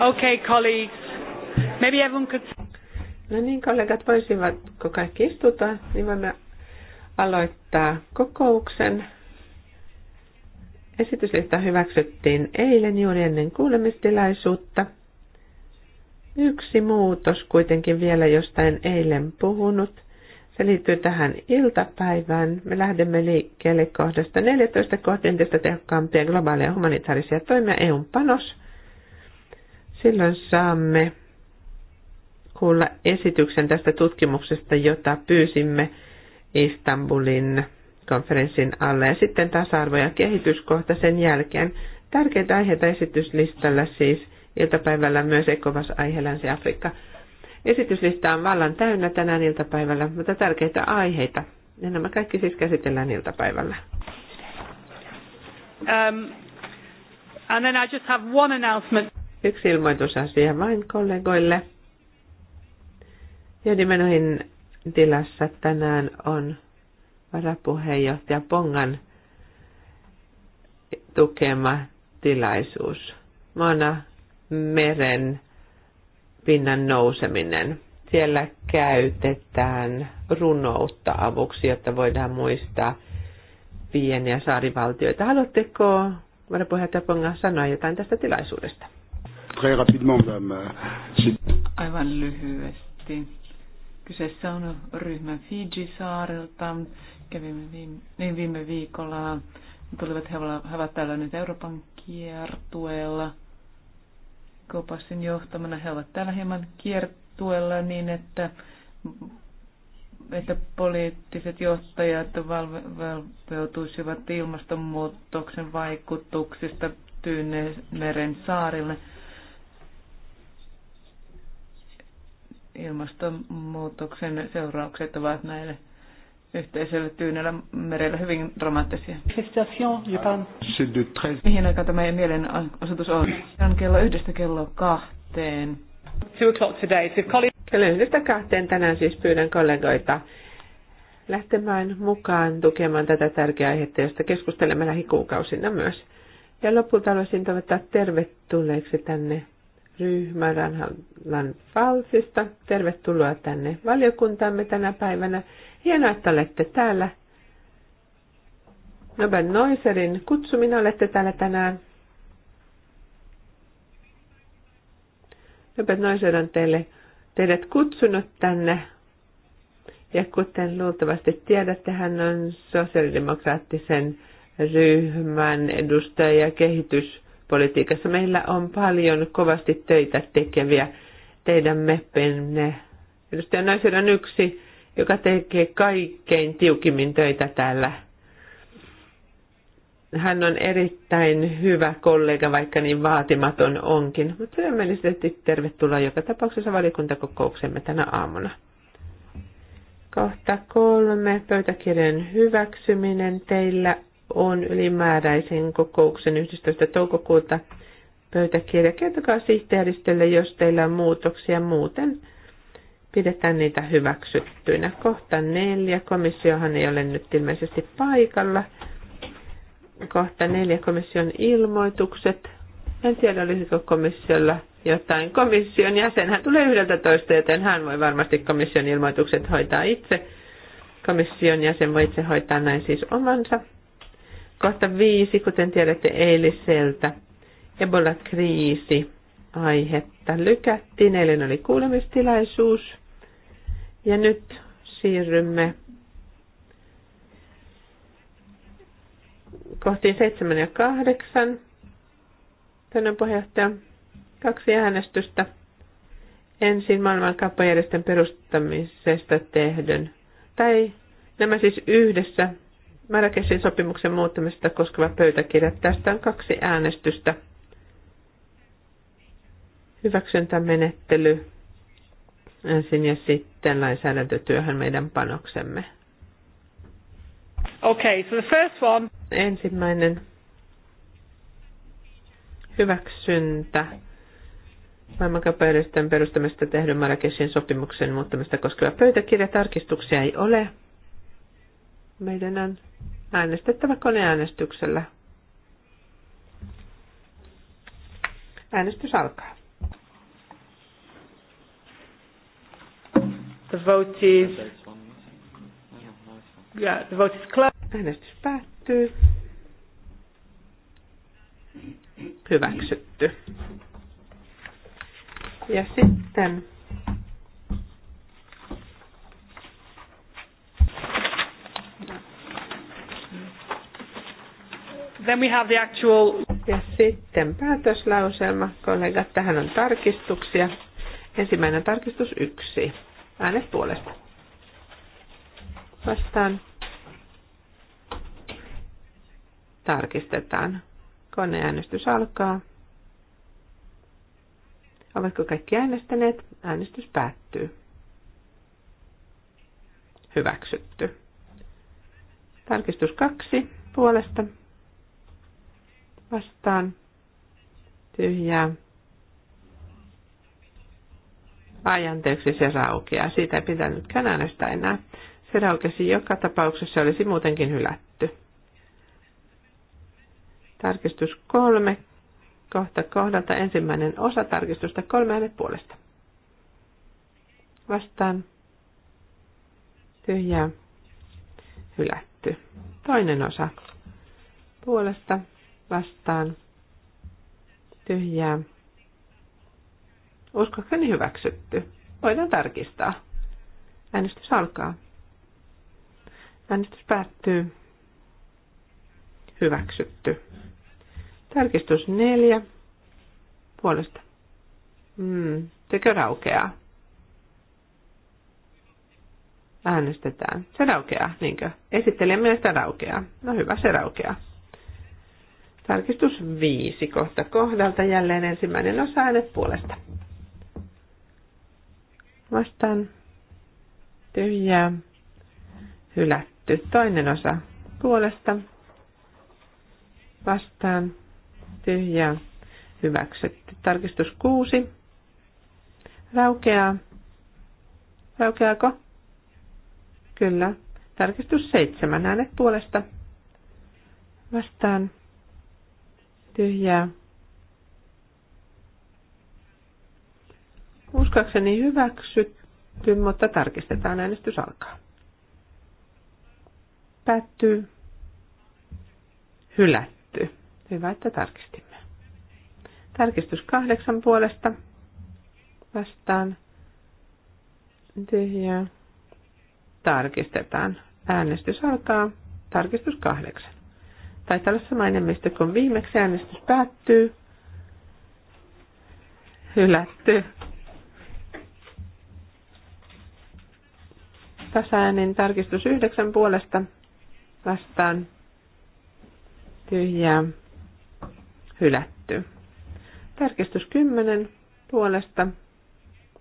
Okay, colleagues. Maybe everyone could... No niin, kollegat voisivat, kun kaikki istuta, niin voimme aloittaa kokouksen. Esityslista hyväksyttiin eilen juuri ennen kuulemistilaisuutta. Yksi muutos kuitenkin vielä, josta en eilen puhunut. Se liittyy tähän iltapäivään. Me lähdemme liikkeelle kohdasta 14 kohti entistä tehokkaampia globaaleja humanitaarisia toimia EUn panos – Silloin saamme kuulla esityksen tästä tutkimuksesta, jota pyysimme Istanbulin konferenssin alle. Ja sitten tasa-arvo- ja kehityskohta sen jälkeen. Tärkeitä aiheita esityslistalla siis iltapäivällä myös ekovas aihe Länsi-Afrikka. Esityslista on vallan täynnä tänään iltapäivällä, mutta tärkeitä aiheita. Ja nämä kaikki siis käsitellään iltapäivällä. Um, and then I just have one announcement. Yksi ilmoitusasia vain kollegoille. nimenomaan tilassa tänään on varapuheenjohtaja Pongan tukema tilaisuus. Mana meren pinnan nouseminen. Siellä käytetään runoutta avuksi, jotta voidaan muistaa pieniä saarivaltioita. Haluatteko varapuheenjohtaja Ponga sanoa jotain tästä tilaisuudesta? Très rapidement, madame. Aivan lyhyesti. Kyseessä on ryhmä Fiji-saarelta. Kävimme viime, niin viime viikolla. Tulivat he, he ovat täällä nyt Euroopan kiertueella. Kopassin johtamana he ovat täällä hieman kiertueella niin, että, että poliittiset johtajat valveutuisivat ilmastonmuutoksen vaikutuksista Tyynemeren saarille – ilmastonmuutoksen seuraukset ovat näille yhteisölle Tyynellä merellä hyvin dramaattisia. Mihin aikaan tämä mielenosoitus on? Se on kello yhdestä kello kahteen. Two o'clock today. Kello yhdestä kahteen tänään siis pyydän kollegoita lähtemään mukaan tukemaan tätä tärkeää aihetta, josta keskustelemme lähikuukausina myös. Ja lopulta haluaisin toivottaa tervetulleeksi tänne ryhmä Ranhalan Falsista. Tervetuloa tänne valiokuntaamme tänä päivänä. Hienoa, että olette täällä. Noben Noiserin kutsumina olette täällä tänään. Noben Noiser on teille, teidät kutsunut tänne. Ja kuten luultavasti tiedätte, hän on sosiaalidemokraattisen ryhmän edustaja ja kehitys politiikassa. Meillä on paljon kovasti töitä tekeviä teidän meppenne. Edustaja Naisen on yksi, joka tekee kaikkein tiukimmin töitä täällä. Hän on erittäin hyvä kollega, vaikka niin vaatimaton onkin. Mutta sydämellisesti tervetuloa joka tapauksessa valikuntakokouksemme tänä aamuna. Kohta kolme, pöytäkirjan hyväksyminen. Teillä on ylimääräisen kokouksen 11. toukokuuta pöytäkirja. Kertokaa sihteeristölle, jos teillä on muutoksia muuten. Pidetään niitä hyväksyttyinä. Kohta neljä. Komissiohan ei ole nyt ilmeisesti paikalla. Kohta neljä. Komission ilmoitukset. En tiedä, olisiko komissiolla jotain. Komission jäsenhän tulee yhdeltä toista, joten hän voi varmasti komission ilmoitukset hoitaa itse. Komission jäsen voi itse hoitaa näin siis omansa. Kohta viisi, kuten tiedätte eiliseltä, Ebola-kriisi aihetta lykättiin. Eilen oli kuulemistilaisuus ja nyt siirrymme kohti seitsemän ja kahdeksan Tänään puheenjohtaja kaksi äänestystä. Ensin maailman kauppajärjestön perustamisesta tehdyn. Tai nämä siis yhdessä Marrakeshin sopimuksen muuttamista koskeva pöytäkirja. Tästä on kaksi äänestystä. Hyväksyntämenettely ensin ja sitten lainsäädäntötyöhön meidän panoksemme. Okay, so the first one. Ensimmäinen hyväksyntä maailmankaupajärjestön perustamista tehdyn Marrakeshin sopimuksen muuttamista koskeva pöytäkirja. Tarkistuksia ei ole. Meidän on äänestettävä koneäänestyksellä. Äänestys alkaa. The vote is... Yeah, the vote is closed. Äänestys päättyy. Hyväksytty. Ja sitten Then we have the actual... Ja sitten päätöslauselma, kollegat, tähän on tarkistuksia. Ensimmäinen tarkistus yksi. Äänet puolesta. Vastaan. Tarkistetaan. Koneäänestys alkaa. Ovatko kaikki äänestäneet? Äänestys päättyy. Hyväksytty. Tarkistus kaksi puolesta vastaan tyhjää. Ai anteeksi, se raukeaa. Siitä ei pitänytkään äänestää enää. Se raukesi joka tapauksessa, olisi muutenkin hylätty. Tarkistus kolme. Kohta kohdalta ensimmäinen osa tarkistusta kolme äänet puolesta. Vastaan. Tyhjää. Hylätty. Toinen osa. Puolesta vastaan tyhjää. Uskokseni hyväksytty. Voidaan tarkistaa. Äänestys alkaa. Äänestys päättyy. Hyväksytty. Tarkistus neljä. Puolesta. Mm, tekö raukeaa? Äänestetään. Se raukeaa, niinkö? Esittelemme sitä raukeaa. No hyvä, se raukeaa. Tarkistus 5 kohta kohdalta jälleen ensimmäinen osa äänet puolesta. Vastaan tyhjää. Hylätty toinen osa puolesta. Vastaan tyhjää. Hyväksytty. Tarkistus 6. Raukeaa. Raukeako? Kyllä. Tarkistus 7 äänet puolesta. Vastaan tyhjää. Uskakseni hyväksytty, mutta tarkistetaan äänestys alkaa. Päättyy. Hylätty. Hyvä, että tarkistimme. Tarkistus kahdeksan puolesta. Vastaan. Tyhjää. Tarkistetaan. Äänestys alkaa. Tarkistus kahdeksan. Taitaa olla sama enemmistö kuin viimeksi. Äänestys päättyy. Hylätty. Tasaäänin tarkistus yhdeksän puolesta vastaan tyhjää hylätty. Tarkistus kymmenen puolesta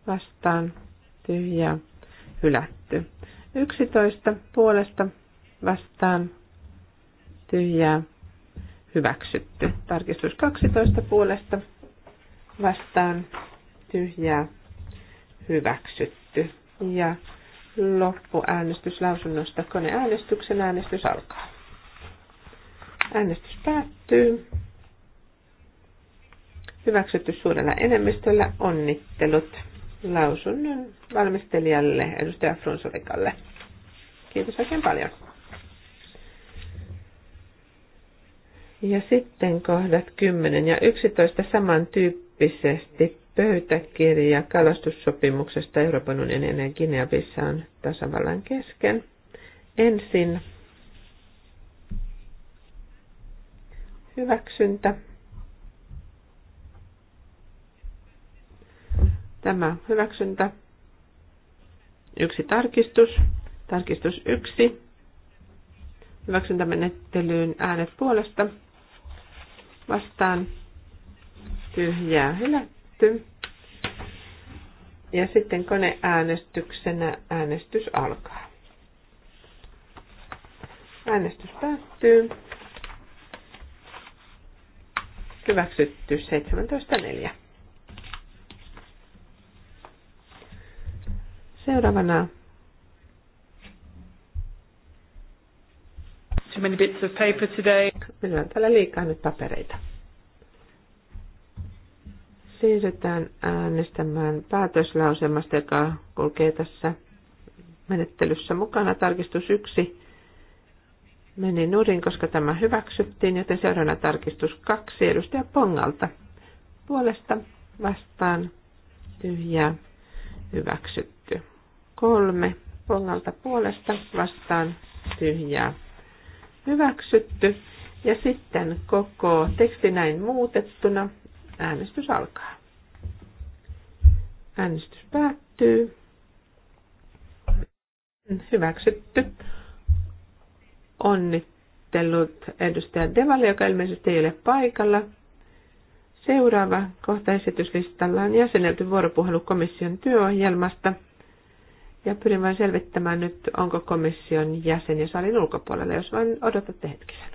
vastaan tyhjää hylätty. 11 puolesta vastaan tyhjää hyväksytty. Tarkistus 12 puolesta vastaan tyhjää hyväksytty. Ja loppuäänestyslausunnosta koneäänestyksen äänestys alkaa. Äänestys päättyy. Hyväksytty suurella enemmistöllä. Onnittelut lausunnon valmistelijalle, edustaja Frunzolikalle. Kiitos oikein paljon. Ja sitten kohdat 10 ja 11 samantyyppisesti pöytäkirja kalastussopimuksesta Euroopan unionin ja guinea tasavallan kesken. Ensin hyväksyntä. Tämä hyväksyntä. Yksi tarkistus. Tarkistus yksi. Hyväksyntämenettelyyn äänet puolesta vastaan tyhjää hylätty. Ja sitten koneäänestyksenä äänestys alkaa. Äänestys päättyy. Hyväksytty 17.4. Seuraavana Too many bits of paper today. Meillä on täällä liikaa nyt papereita. Siirrytään äänestämään päätöslauselmasta, joka kulkee tässä menettelyssä mukana. Tarkistus 1 meni nurin, koska tämä hyväksyttiin, joten seuraavana tarkistus 2 edustaja Pongalta. Puolesta vastaan tyhjää hyväksytty. Kolme Pongalta puolesta vastaan tyhjää hyväksytty. Ja sitten koko teksti näin muutettuna. Äänestys alkaa. Äänestys päättyy. Hyväksytty. Onnittelut edustaja Devalle, joka ilmeisesti ei ole paikalla. Seuraava kohta esityslistalla on jäsenelty vuoropuhelu komission työohjelmasta – ja pyrin vain selvittämään nyt, onko komission jäsen ja salin ulkopuolella, jos vain odotatte hetkisen.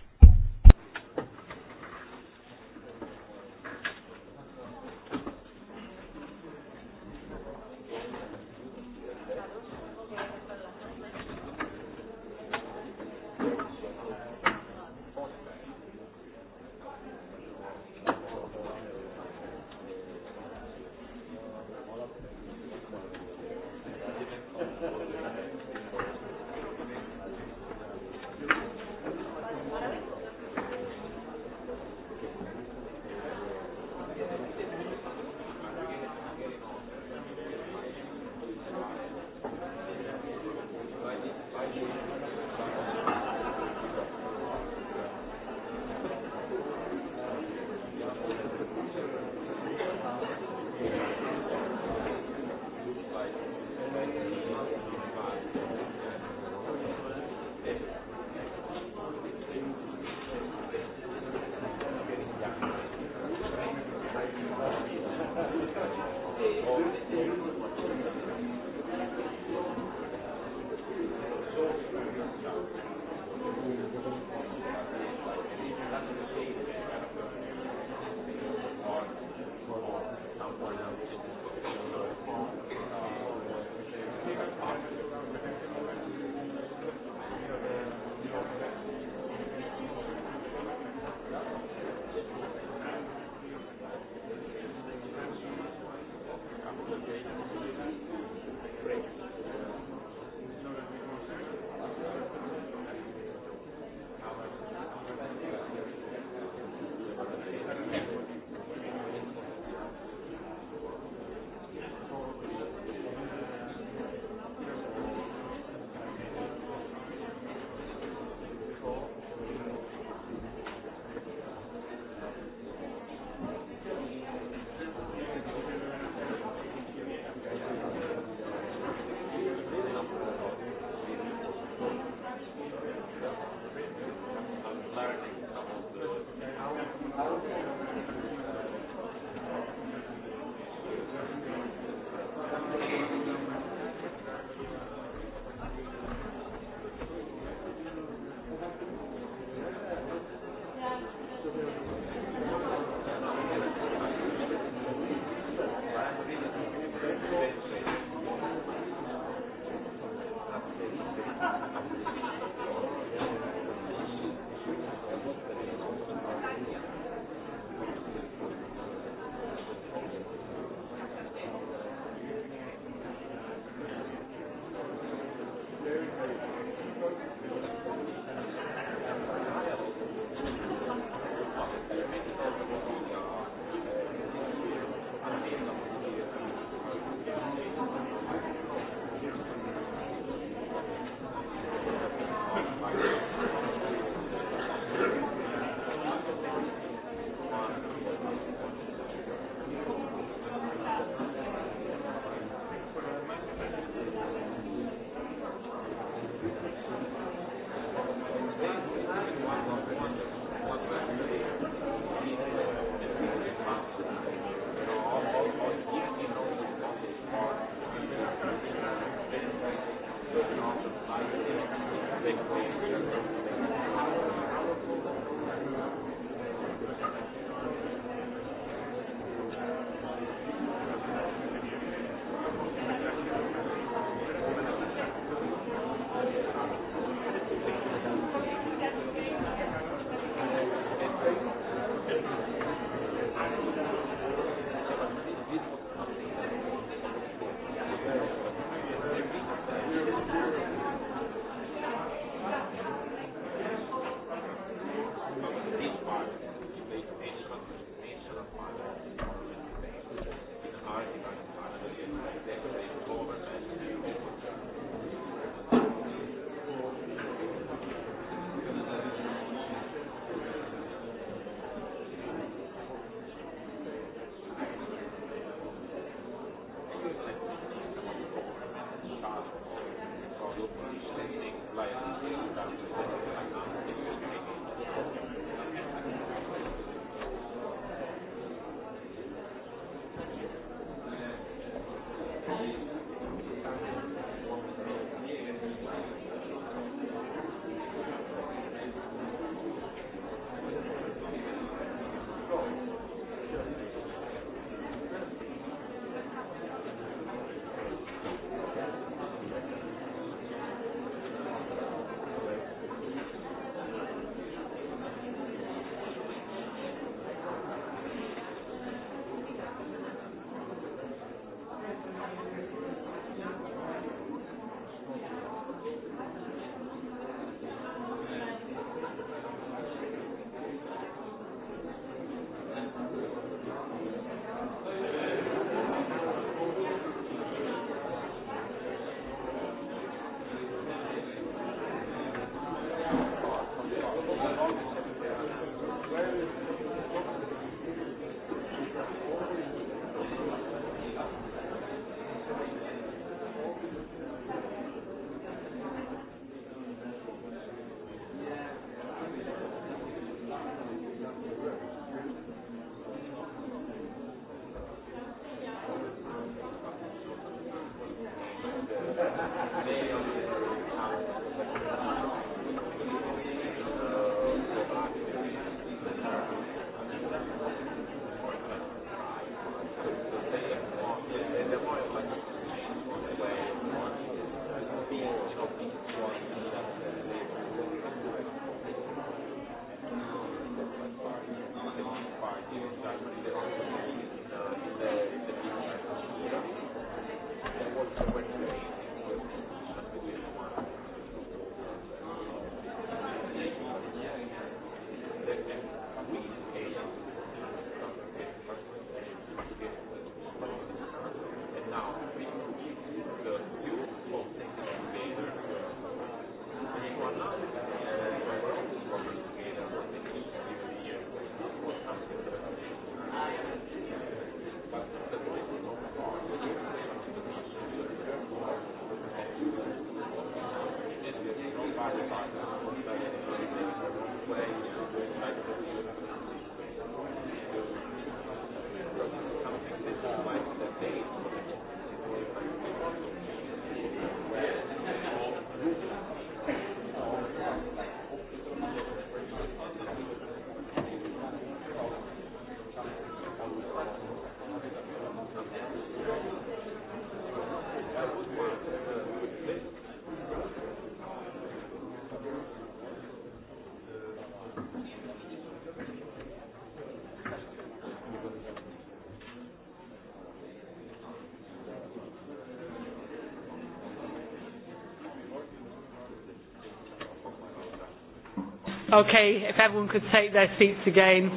Okay, if everyone could take their seats again.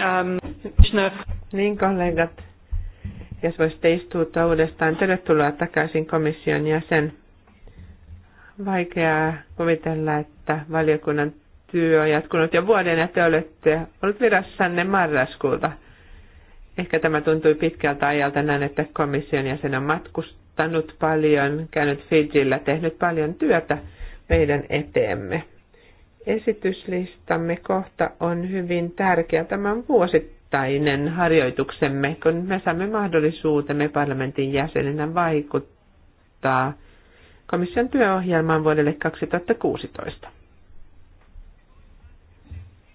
Um, niin kollegat, jos voisitte istua uudestaan, tervetuloa takaisin komission jäsen. Vaikeaa kuvitella, että valiokunnan työ on jatkunut jo vuoden ja te olette olleet virassanne marraskuulta. Ehkä tämä tuntui pitkältä ajalta näin, että komission jäsen on matkustanut paljon, käynyt Fidjillä, tehnyt paljon työtä meidän eteemme. Esityslistamme kohta on hyvin tärkeä. Tämä on vuosittainen harjoituksemme, kun me saamme mahdollisuutemme parlamentin jäsenenä vaikuttaa komission työohjelmaan vuodelle 2016.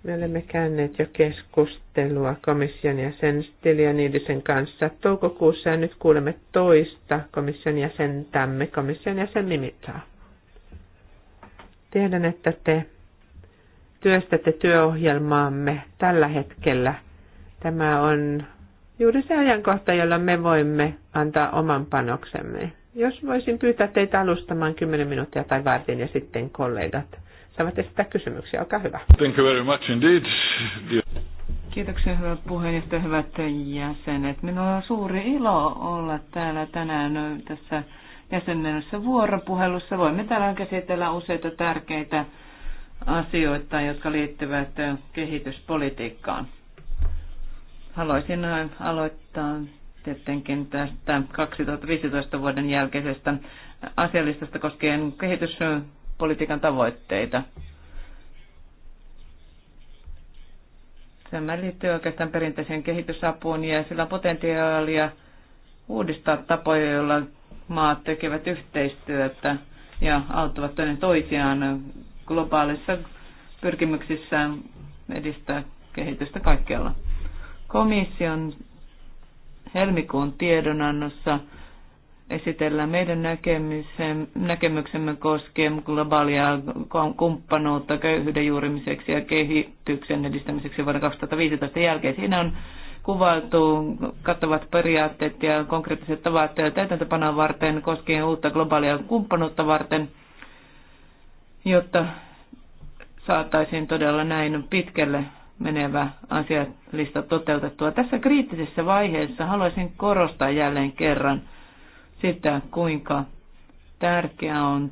Me olemme käyneet jo keskustelua komission jäsen Stylianidisen kanssa toukokuussa ja nyt kuulemme toista komission jäsentämme, komission jäsen Mimitsaa. Tiedän, että te työstätte työohjelmaamme tällä hetkellä. Tämä on juuri se ajankohta, jolla me voimme antaa oman panoksemme. Jos voisin pyytää teitä alustamaan 10 minuuttia tai vartin ja sitten kollegat saavat esittää kysymyksiä. Olkaa hyvä. Thank you very much indeed. Kiitoksia hyvät puheenjohtaja, hyvät jäsenet. Minulla on suuri ilo olla täällä tänään tässä jäsennellyssä vuoropuhelussa. Voimme täällä käsitellä useita tärkeitä asioita, jotka liittyvät kehityspolitiikkaan. Haluaisin äh, aloittaa tietenkin tästä 2015 vuoden jälkeisestä asialistasta koskien kehityspolitiikan tavoitteita. Tämä liittyy oikeastaan perinteiseen kehitysapuun ja sillä on potentiaalia uudistaa tapoja, joilla maat tekevät yhteistyötä ja auttavat toinen toisiaan globaalissa pyrkimyksissään edistää kehitystä kaikkialla. Komission helmikuun tiedonannossa esitellään meidän näkemyksemme koskien globaalia kumppanuutta köyhyyden juurimiseksi ja kehityksen edistämiseksi vuoden 2015 jälkeen. Siinä on kuvailtu kattavat periaatteet ja konkreettiset tavat täytäntöpanoa varten koskien uutta globaalia kumppanuutta varten – jotta saataisiin todella näin pitkälle menevä asialista toteutettua. Tässä kriittisessä vaiheessa haluaisin korostaa jälleen kerran sitä, kuinka tärkeää on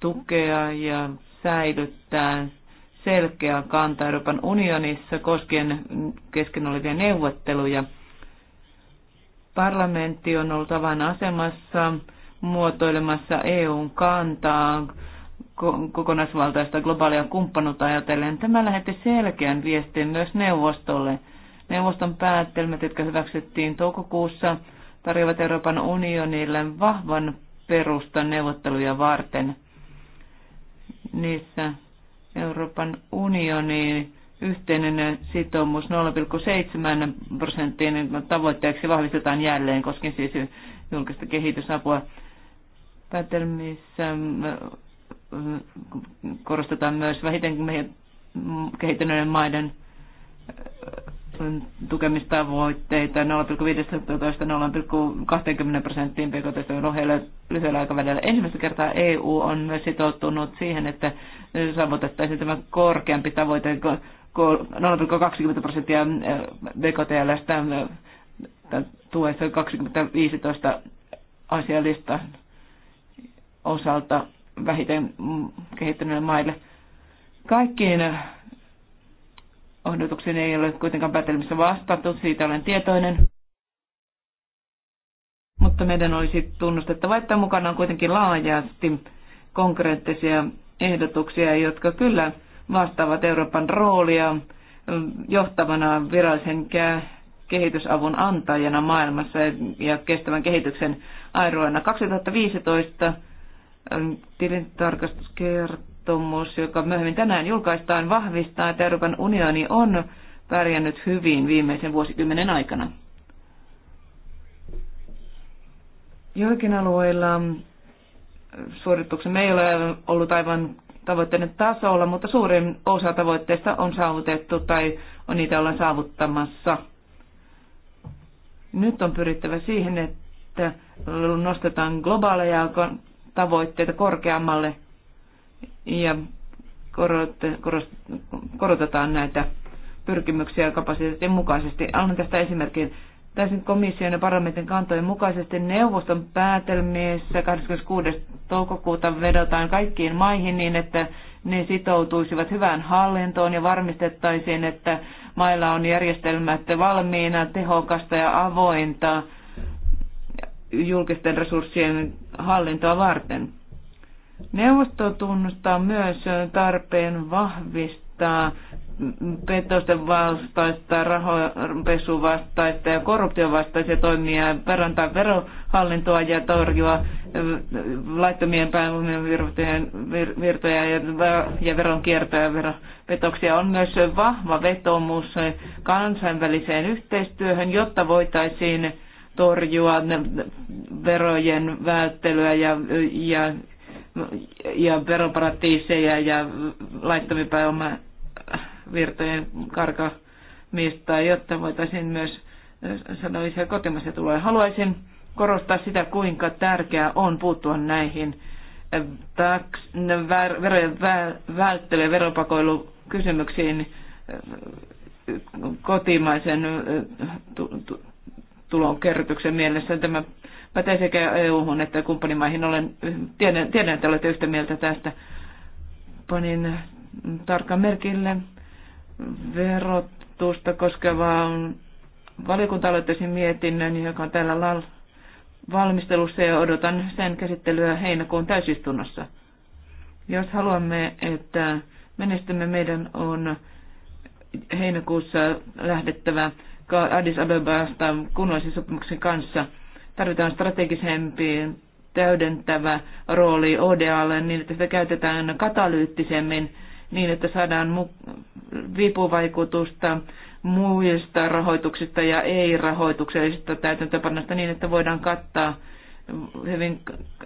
tukea ja säilyttää selkeä kanta Euroopan unionissa koskien kesken olevia neuvotteluja. Parlamentti on ollut avainasemassa muotoilemassa EUn kantaa kokonaisvaltaista globaalia kumppanuutta ajatellen. Tämä lähetti selkeän viestin myös neuvostolle. Neuvoston päättelmät, jotka hyväksyttiin toukokuussa, tarjoavat Euroopan unionille vahvan perustan neuvotteluja varten. Niissä Euroopan unioni yhteinen sitoumus 0,7 prosenttiin tavoitteeksi vahvistetaan jälleen, koskien siis julkista kehitysapua. Päätelmissä korostetaan myös vähiten meidän kehittyneiden maiden tukemistavoitteita 0,15-0,20 prosenttiin PKT ohjeille lyhyellä aikavälillä. Ensimmäistä kertaa EU on myös sitoutunut siihen, että saavutettaisiin tämä korkeampi tavoite 0,20 prosenttia BKTLstä tuessa 2015 asialista osalta vähiten kehittyneille maille. Kaikkiin odotuksiin ei ole kuitenkaan päätelmissä vastattu, siitä olen tietoinen. Mutta meidän olisi tunnustettava, että mukana on kuitenkin laajasti konkreettisia ehdotuksia, jotka kyllä vastaavat Euroopan roolia johtavana virallisen kehitysavun antajana maailmassa ja kestävän kehityksen airoina. 2015 tilintarkastuskertomus, joka myöhemmin tänään julkaistaan, vahvistaa, että Euroopan unioni on pärjännyt hyvin viimeisen vuosikymmenen aikana. Joikin alueilla suorituksemme ei ole ollut aivan tavoitteiden tasolla, mutta suurin osa tavoitteista on saavutettu tai on niitä ollaan saavuttamassa. Nyt on pyrittävä siihen, että nostetaan globaaleja tavoitteita korkeammalle ja korot, korost, korotetaan näitä pyrkimyksiä kapasiteetin mukaisesti. Annan tästä esimerkin. Täysin komission ja parlamentin kantojen mukaisesti neuvoston päätelmissä 26. toukokuuta vedotaan kaikkiin maihin niin, että ne sitoutuisivat hyvään hallintoon ja varmistettaisiin, että mailla on järjestelmät valmiina, tehokasta ja avointa julkisten resurssien hallintoa varten. Neuvosto tunnustaa myös tarpeen vahvistaa petosten vastaista, rahopesuvastaista ja korruptiovastaisia toimia, parantaa verohallintoa ja torjua laittomien pääomien virtoja ja veronkiertoja ja veropetoksia. On myös vahva vetomus kansainväliseen yhteistyöhön, jotta voitaisiin torjua verojen välttelyä ja, ja, ja veroparatiiseja ja laittomia virtojen karkamista, jotta voitaisiin myös saada lisää kotimaisia tuloja. Haluaisin korostaa sitä, kuinka tärkeää on puuttua näihin verojen välttely- ja veropakoilukysymyksiin kotimaisen tulokerrytyksen mielessä. Tämä pätee sekä EU-hun että kumppanimaihin. Olen, tiedän, tiedän, että olette yhtä mieltä tästä. Panin tarkan merkille verotusta koskevaa valiokunta mietinnön, joka on täällä valmistelussa ja odotan sen käsittelyä heinäkuun täysistunnossa. Jos haluamme, että menestymme, meidän on heinäkuussa lähdettävä Addis Abebasta kunnallisen sopimuksen kanssa. Tarvitaan strategisempi täydentävä rooli ODAlle niin, että sitä käytetään katalyyttisemmin niin, että saadaan vipuvaikutusta muista rahoituksista ja ei-rahoituksellisista täytäntöpannasta niin, että voidaan kattaa hyvin,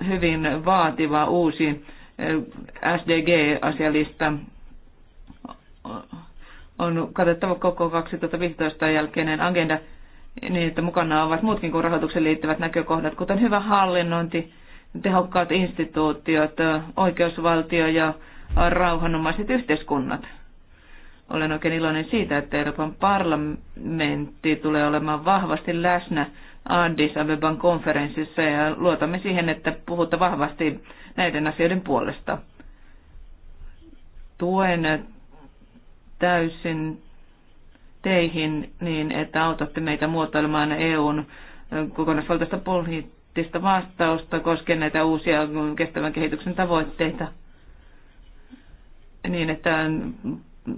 hyvin vaativa uusi eh, SDG-asialista on katettava koko 2015 jälkeinen agenda niin, että mukana ovat muutkin kuin rahoituksen liittyvät näkökohdat, kuten hyvä hallinnointi, tehokkaat instituutiot, oikeusvaltio ja rauhanomaiset yhteiskunnat. Olen oikein iloinen siitä, että Euroopan parlamentti tulee olemaan vahvasti läsnä Addis Abeban konferenssissa ja luotamme siihen, että puhutte vahvasti näiden asioiden puolesta. Tuen täysin teihin niin, että autatte meitä muotoilemaan EUn kokonaisvaltaista poliittista vastausta koskien näitä uusia kestävän kehityksen tavoitteita niin, että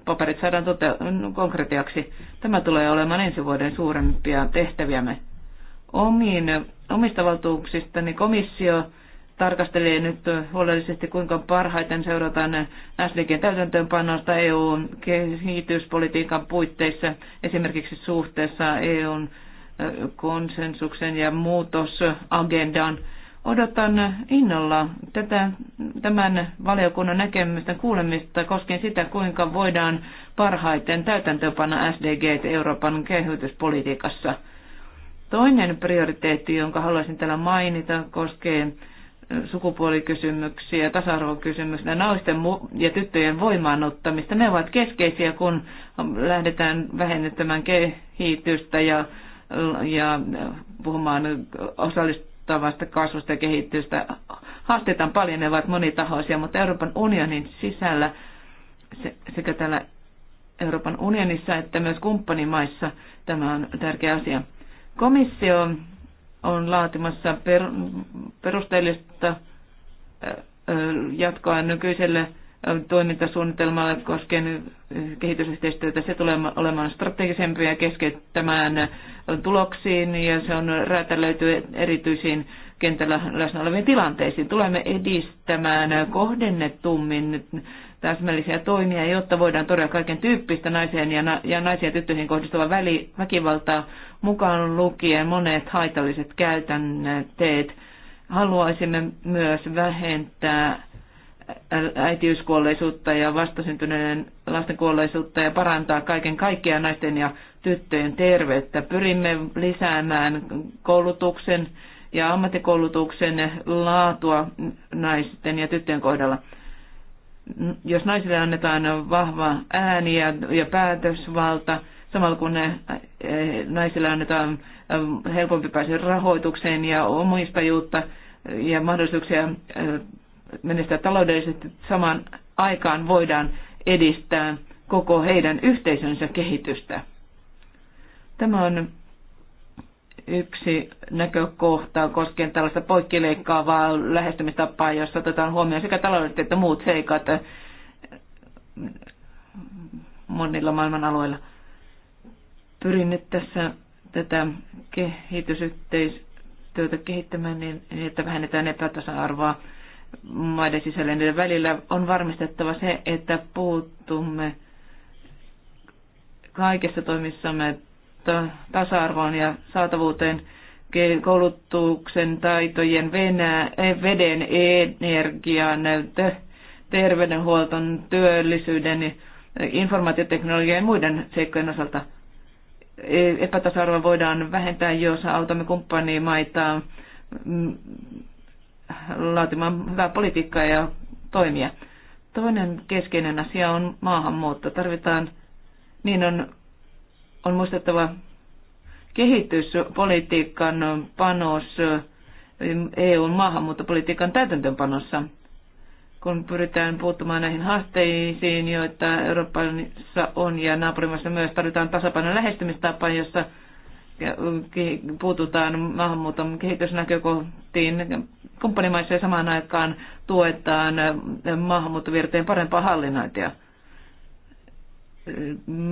paperit saadaan tote- konkretiaksi. Tämä tulee olemaan ensi vuoden suurempia tehtäviämme. Omiin, omista valtuuksistani komissio tarkastelee nyt huolellisesti, kuinka parhaiten seurataan S-liikkeen täytäntöönpanosta EUn kehityspolitiikan puitteissa, esimerkiksi suhteessa EUn konsensuksen ja muutosagendaan. Odotan innolla tätä, tämän valiokunnan näkemystä kuulemista koskien sitä, kuinka voidaan parhaiten täytäntöönpanna SDG Euroopan kehityspolitiikassa. Toinen prioriteetti, jonka haluaisin täällä mainita, koskee sukupuolikysymyksiä, tasa-arvokysymyksiä, naisten ja tyttöjen voimaanottamista. Ne ovat keskeisiä, kun lähdetään vähennettämään kehitystä ja, ja puhumaan osallistavasta kasvusta ja kehitystä. Haasteita on paljon, ne ovat monitahoisia, mutta Euroopan unionin sisällä sekä täällä Euroopan unionissa että myös kumppanimaissa tämä on tärkeä asia. Komissio on laatimassa perusteellista jatkoa nykyiselle toimintasuunnitelmalle koskien kehitysyhteistyötä. Se tulee olemaan strategisempi ja keskittämään tuloksiin ja se on räätälöity erityisiin kentällä läsnä oleviin tilanteisiin. Tulemme edistämään kohdennetummin täsmällisiä toimia, jotta voidaan torjua kaiken tyyppistä naiseen ja, na- ja naisiin ja tyttöihin kohdistuvaa väli- väkivaltaa, mukaan lukien monet haitalliset käytänteet. Haluaisimme myös vähentää äitiyskuolleisuutta ja vastasyntyneiden lasten kuolleisuutta ja parantaa kaiken kaikkiaan naisten ja tyttöjen terveyttä. Pyrimme lisäämään koulutuksen ja ammattikoulutuksen laatua naisten ja tyttöjen kohdalla. Jos naisille annetaan vahva ääni ja, päätösvalta, samalla kun ne, eh, naisille annetaan eh, helpompi pääsy rahoitukseen ja omistajuutta ja mahdollisuuksia eh, menestää taloudellisesti samaan aikaan voidaan edistää koko heidän yhteisönsä kehitystä. Tämä on yksi näkökohta koskien tällaista poikkileikkaavaa lähestymistapaa, jossa otetaan huomioon sekä taloudelliset että muut seikat monilla maailman alueilla pyrin nyt tässä tätä kehitysyhteistyötä kehittämään niin, niin, että vähennetään epätasa-arvoa maiden sisällä ja niiden välillä. On varmistettava se, että puuttumme kaikessa toimissamme tasa-arvoon ja saatavuuteen koulutuksen, taitojen, venä, eh, veden, energian, terveydenhuolton, työllisyyden, informaatioteknologian ja muiden seikkojen osalta – E, epätasa-arvoa voidaan vähentää, jos autamme kumppanimaita mm, laatimaan hyvää politiikkaa ja toimia. Toinen keskeinen asia on maahanmuutto. Tarvitaan, niin on, on muistettava kehityspolitiikan panos mm, EUn maahanmuuttopolitiikan täytäntöönpanossa – kun pyritään puuttumaan näihin haasteisiin, joita Euroopassa on ja naapurimassa myös tarvitaan tasapainon lähestymistapa, jossa mm, puututaan maahanmuuton kehitysnäkökohtiin kumppanimaissa ja samaan aikaan tuetaan mm, maahanmuuttovirteen parempaa hallinnointia.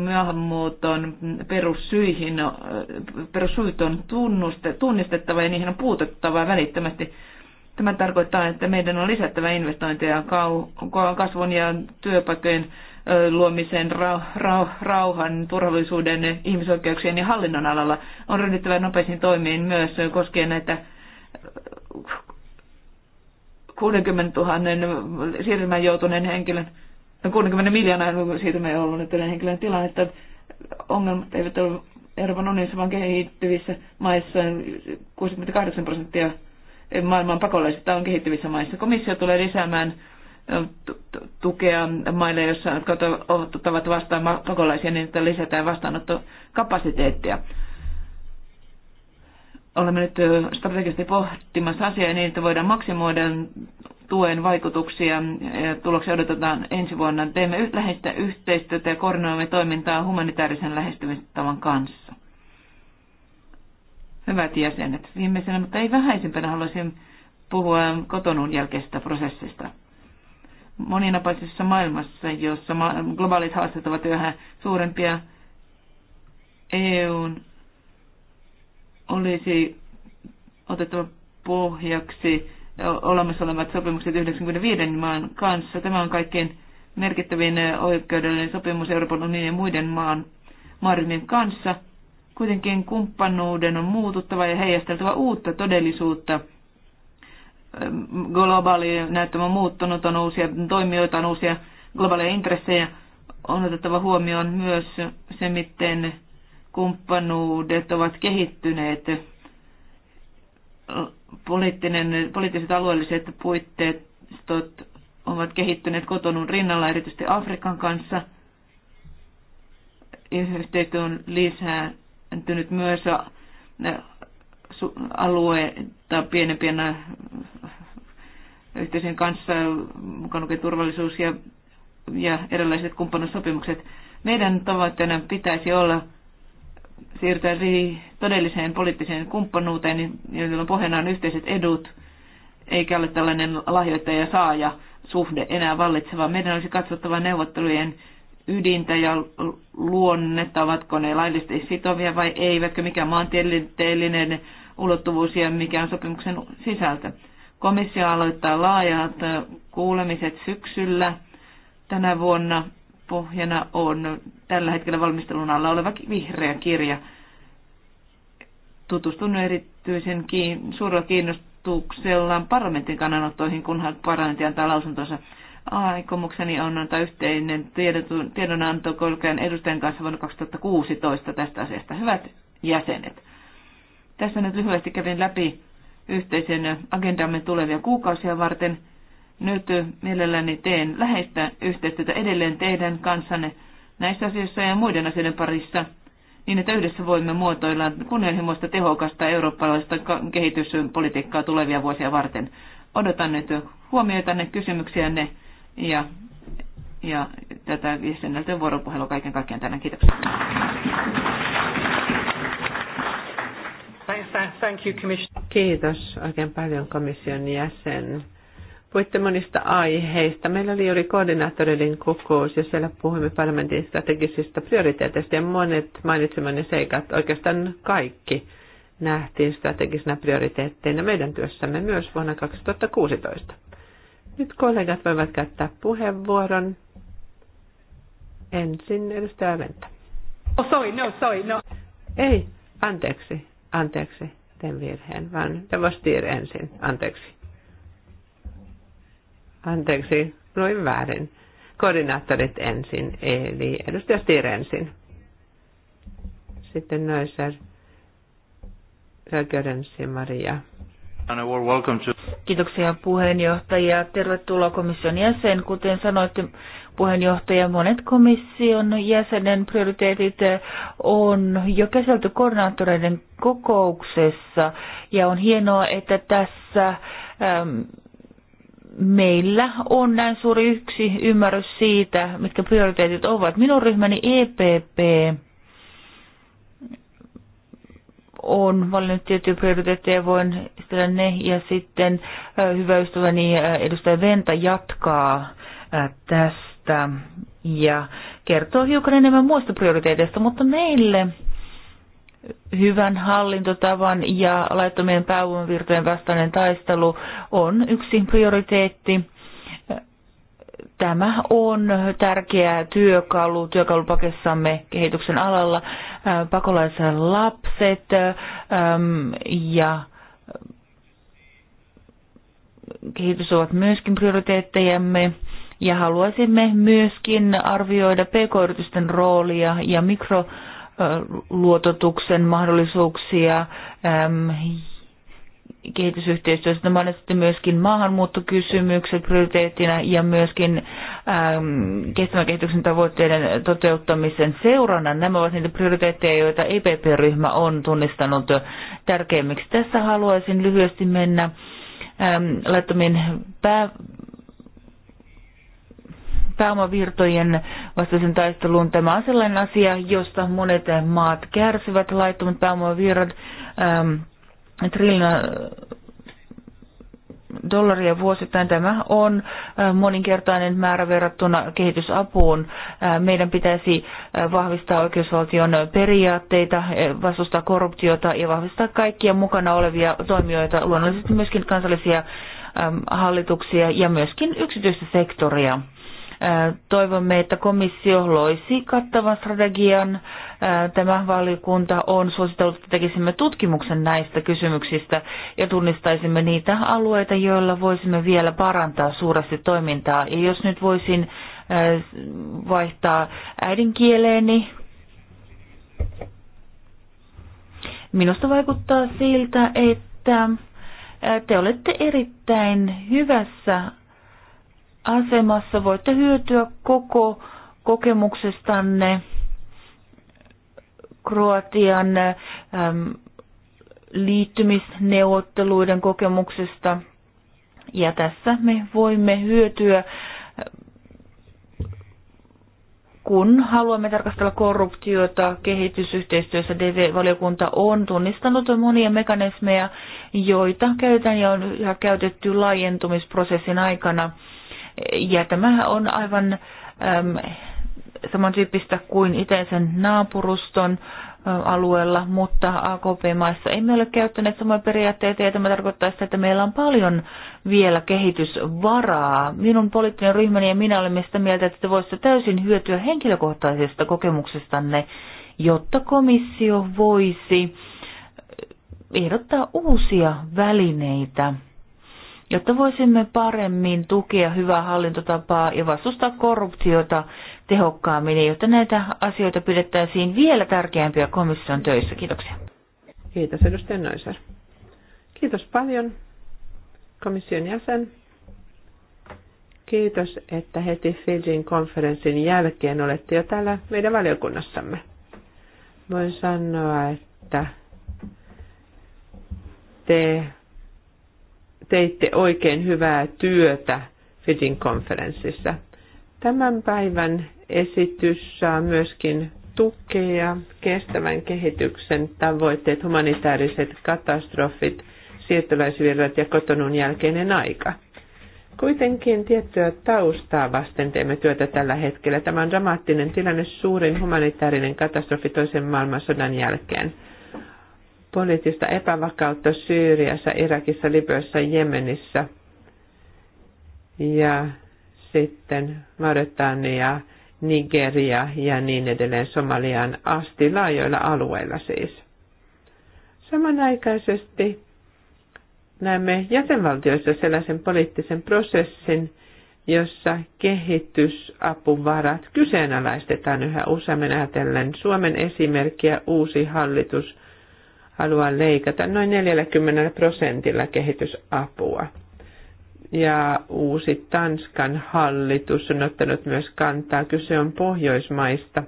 Maahanmuuton perussyihin, mm, perussyyt on tunnistettava ja niihin on puutettava välittömästi Tämä tarkoittaa, että meidän on lisättävä investointeja kasvun ja työpaikkojen luomisen, rauhan, turvallisuuden, ihmisoikeuksien ja hallinnon alalla. On ryhdyttävä nopeisiin toimiin myös koskien näitä 60 000 siirtymään joutuneen henkilön, 60 miljoonaa siirtymään joutuneen henkilön tilannetta. Ongelmat eivät ole Euroopan unionissa, vaan kehittyvissä maissa 68 prosenttia maailman pakolaisista on kehittyvissä maissa. Komissio tulee lisäämään tukea maille, joissa, jotka ottavat vastaan pakolaisia, niin että lisätään vastaanottokapasiteettia. Olemme nyt strategisesti pohtimassa asiaa niin, että voidaan maksimoida tuen vaikutuksia. Tuloksia odotetaan ensi vuonna. Teemme läheistä yhteistyötä ja koordinoimme toimintaa humanitaarisen lähestymistavan kanssa. Hyvät jäsenet, viimeisenä, mutta ei vähäisimpänä haluaisin puhua kotonun jälkeisestä prosessista. Moninapaisessa maailmassa, jossa globaalit haasteet ovat yhä suurempia, EUn olisi otettava pohjaksi olemassa olevat sopimukset 95 maan kanssa. Tämä on kaikkein merkittävin oikeudellinen sopimus Euroopan unionin ja muiden maan, maaryhmien kanssa – Kuitenkin kumppanuuden on muututtava ja heijasteltava uutta todellisuutta. Globaali näyttämä on muuttunut, on uusia toimijoita, on uusia globaaleja intressejä. On otettava huomioon myös se, miten kumppanuudet ovat kehittyneet. Poliittinen, poliittiset alueelliset puitteet ovat kehittyneet kotonun rinnalla, erityisesti Afrikan kanssa. Yhteistyö on lisää, lisääntynyt myös äh, alueita pienempien äh, yhteisön kanssa, mukaan lukien turvallisuus ja, ja erilaiset kumppanuussopimukset. Meidän tavoitteena pitäisi olla siirtyä todelliseen poliittiseen kumppanuuteen, jolloin pohjana on yhteiset edut, eikä ole tällainen lahjoittaja-saaja suhde enää vallitseva. Meidän olisi katsottava neuvottelujen ydintä ja luonnetta, ovatko ne laillisesti sitovia vai eivätkö, mikä maantieteellinen ulottuvuus ja mikä on sopimuksen sisältö. Komissio aloittaa laajat kuulemiset syksyllä tänä vuonna. Pohjana on tällä hetkellä valmistelun alla oleva vihreä kirja. Tutustun erityisen kiin- suurella kiinnostuksella parlamentin kannanottoihin, kunhan parlamentti antaa lausuntonsa aikomukseni on antaa yhteinen tiedonanto korkean edustajan kanssa vuonna 2016 tästä asiasta. Hyvät jäsenet, tässä nyt lyhyesti kävin läpi yhteisen agendamme tulevia kuukausia varten. Nyt mielelläni teen läheistä yhteistyötä edelleen teidän kanssanne näissä asioissa ja muiden asioiden parissa, niin että yhdessä voimme muotoilla kunnianhimoista tehokasta eurooppalaista kehityspolitiikkaa tulevia vuosia varten. Odotan nyt huomioitanne, kysymyksiänne ja, ja tätä viestinnältöön vuoropuhelua kaiken kaikkiaan tänään. Kiitoksia. Thank you, Kiitos oikein paljon komission jäsen. Puhuitte monista aiheista. Meillä oli juuri koordinaattoreiden kokous ja siellä puhuimme parlamentin strategisista prioriteeteista ja monet mainitsemanne seikat, oikeastaan kaikki, nähtiin strategisina prioriteetteina meidän työssämme myös vuonna 2016. Nyt kollegat voivat käyttää puheenvuoron. Ensin edustaja Venta. Oh, sorry, no, sorry, no. Ei, anteeksi, anteeksi, teen virheen, vaan Davostir ensin, anteeksi. Anteeksi, luin väärin. Koordinaattorit ensin, eli edustaja Stier ensin. Sitten Noiser, Rögerensi Maria Kiitoksia puheenjohtaja. Tervetuloa komission jäsen. Kuten sanoitte, puheenjohtaja, monet komission jäsenen prioriteetit on jo käsitelty koordinaattoreiden kokouksessa ja on hienoa, että tässä ähm, meillä on näin suuri yksi ymmärrys siitä, mitkä prioriteetit ovat. Minun ryhmäni EPP on valinnut tiettyjä prioriteetteja, voin esitellä ne. Ja sitten hyvä ystäväni edustaja Venta jatkaa tästä ja kertoo hiukan enemmän muista prioriteeteista, mutta meille hyvän hallintotavan ja laittomien pääomavirtojen vastainen taistelu on yksi prioriteetti. Tämä on tärkeä työkalu työkalupakessamme kehityksen alalla. Äh, pakolaislapset ähm, ja kehitys ovat myöskin prioriteettejamme. Ja haluaisimme myöskin arvioida pk-yritysten roolia ja mikroluototuksen mahdollisuuksia ähm, kehitysyhteistyössä. Tämä on myöskin maahanmuuttokysymykset prioriteettina ja myöskin äm, kestävän kehityksen tavoitteiden toteuttamisen seurannan. Nämä ovat niitä prioriteetteja, joita EPP-ryhmä on tunnistanut tärkeimmiksi. Tässä haluaisin lyhyesti mennä äm, laittomiin pää, pääomavirtojen vastaisen taisteluun. Tämä on sellainen asia, josta monet maat kärsivät, laittomat pääomavirrat. Äm, triljoona äh, dollaria vuosittain. Tämä on äh, moninkertainen määrä verrattuna kehitysapuun. Äh, meidän pitäisi vahvistaa oikeusvaltion periaatteita, vastustaa korruptiota ja vahvistaa kaikkia mukana olevia toimijoita, luonnollisesti myöskin kansallisia hallituksia ja myöskin yksityistä sektoria. Toivomme, että komissio loisi kattavan strategian. Tämä valiokunta on suositellut, että tekisimme tutkimuksen näistä kysymyksistä ja tunnistaisimme niitä alueita, joilla voisimme vielä parantaa suuresti toimintaa. Ja jos nyt voisin vaihtaa äidinkieleeni, minusta vaikuttaa siltä, että te olette erittäin hyvässä asemassa. Voitte hyötyä koko kokemuksestanne Kroatian äm, liittymisneuvotteluiden kokemuksesta. Ja tässä me voimme hyötyä, kun haluamme tarkastella korruptiota kehitysyhteistyössä. DV-valiokunta on tunnistanut monia mekanismeja, joita käytetään ja on käytetty laajentumisprosessin aikana – ja tämä on aivan äm, samantyyppistä kuin itäisen naapuruston alueella, mutta AKP-maissa emme ole käyttäneet samoja periaatteita ja tämä tarkoittaa sitä, että meillä on paljon vielä kehitysvaraa. Minun poliittinen ryhmäni ja minä olemme sitä mieltä, että te voisitte täysin hyötyä henkilökohtaisesta kokemuksestanne, jotta komissio voisi ehdottaa uusia välineitä jotta voisimme paremmin tukea hyvää hallintotapaa ja vastustaa korruptiota tehokkaammin, niin jotta näitä asioita pidettäisiin vielä tärkeämpiä komission töissä. Kiitoksia. Kiitos edustaja Noiser. Kiitos paljon komission jäsen. Kiitos, että heti Fidjin konferenssin jälkeen olette jo täällä meidän valiokunnassamme. Voin sanoa, että te teitte oikein hyvää työtä Fidin konferenssissa. Tämän päivän esitys saa myöskin tukea, kestävän kehityksen tavoitteet, humanitaariset katastrofit, siirtolaisvirrat ja kotonun jälkeinen aika. Kuitenkin tiettyä taustaa vasten teemme työtä tällä hetkellä. Tämä on dramaattinen tilanne, suurin humanitaarinen katastrofi toisen maailmansodan jälkeen – poliittista epävakautta Syyriassa, Irakissa, Libyassa, Jemenissä ja sitten Mauritania, Nigeria ja niin edelleen Somaliaan asti laajoilla alueilla siis. Samanaikaisesti näemme jäsenvaltioissa sellaisen poliittisen prosessin, jossa kehitysapuvarat kyseenalaistetaan yhä useammin ajatellen Suomen esimerkkiä uusi hallitus – haluaa leikata noin 40 prosentilla kehitysapua. Ja uusi Tanskan hallitus on ottanut myös kantaa. Kyse on Pohjoismaista,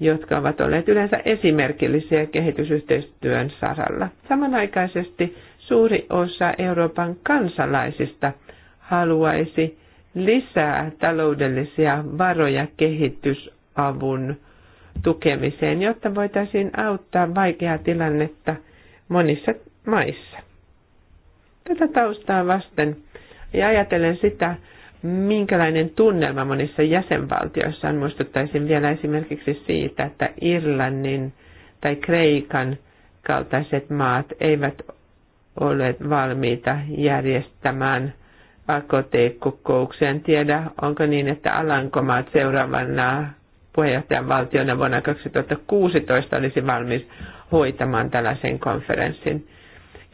jotka ovat olleet yleensä esimerkillisiä kehitysyhteistyön saralla. Samanaikaisesti suuri osa Euroopan kansalaisista haluaisi lisää taloudellisia varoja kehitysavun tukemiseen, jotta voitaisiin auttaa vaikeaa tilannetta monissa maissa. Tätä taustaa vasten ja ajatellen sitä, minkälainen tunnelma monissa jäsenvaltioissa on, muistuttaisin vielä esimerkiksi siitä, että Irlannin tai Kreikan kaltaiset maat eivät ole valmiita järjestämään AKT-kokouksia. En tiedä, onko niin, että Alankomaat seuraavana puheenjohtajan valtiona vuonna 2016 olisi valmis hoitamaan tällaisen konferenssin.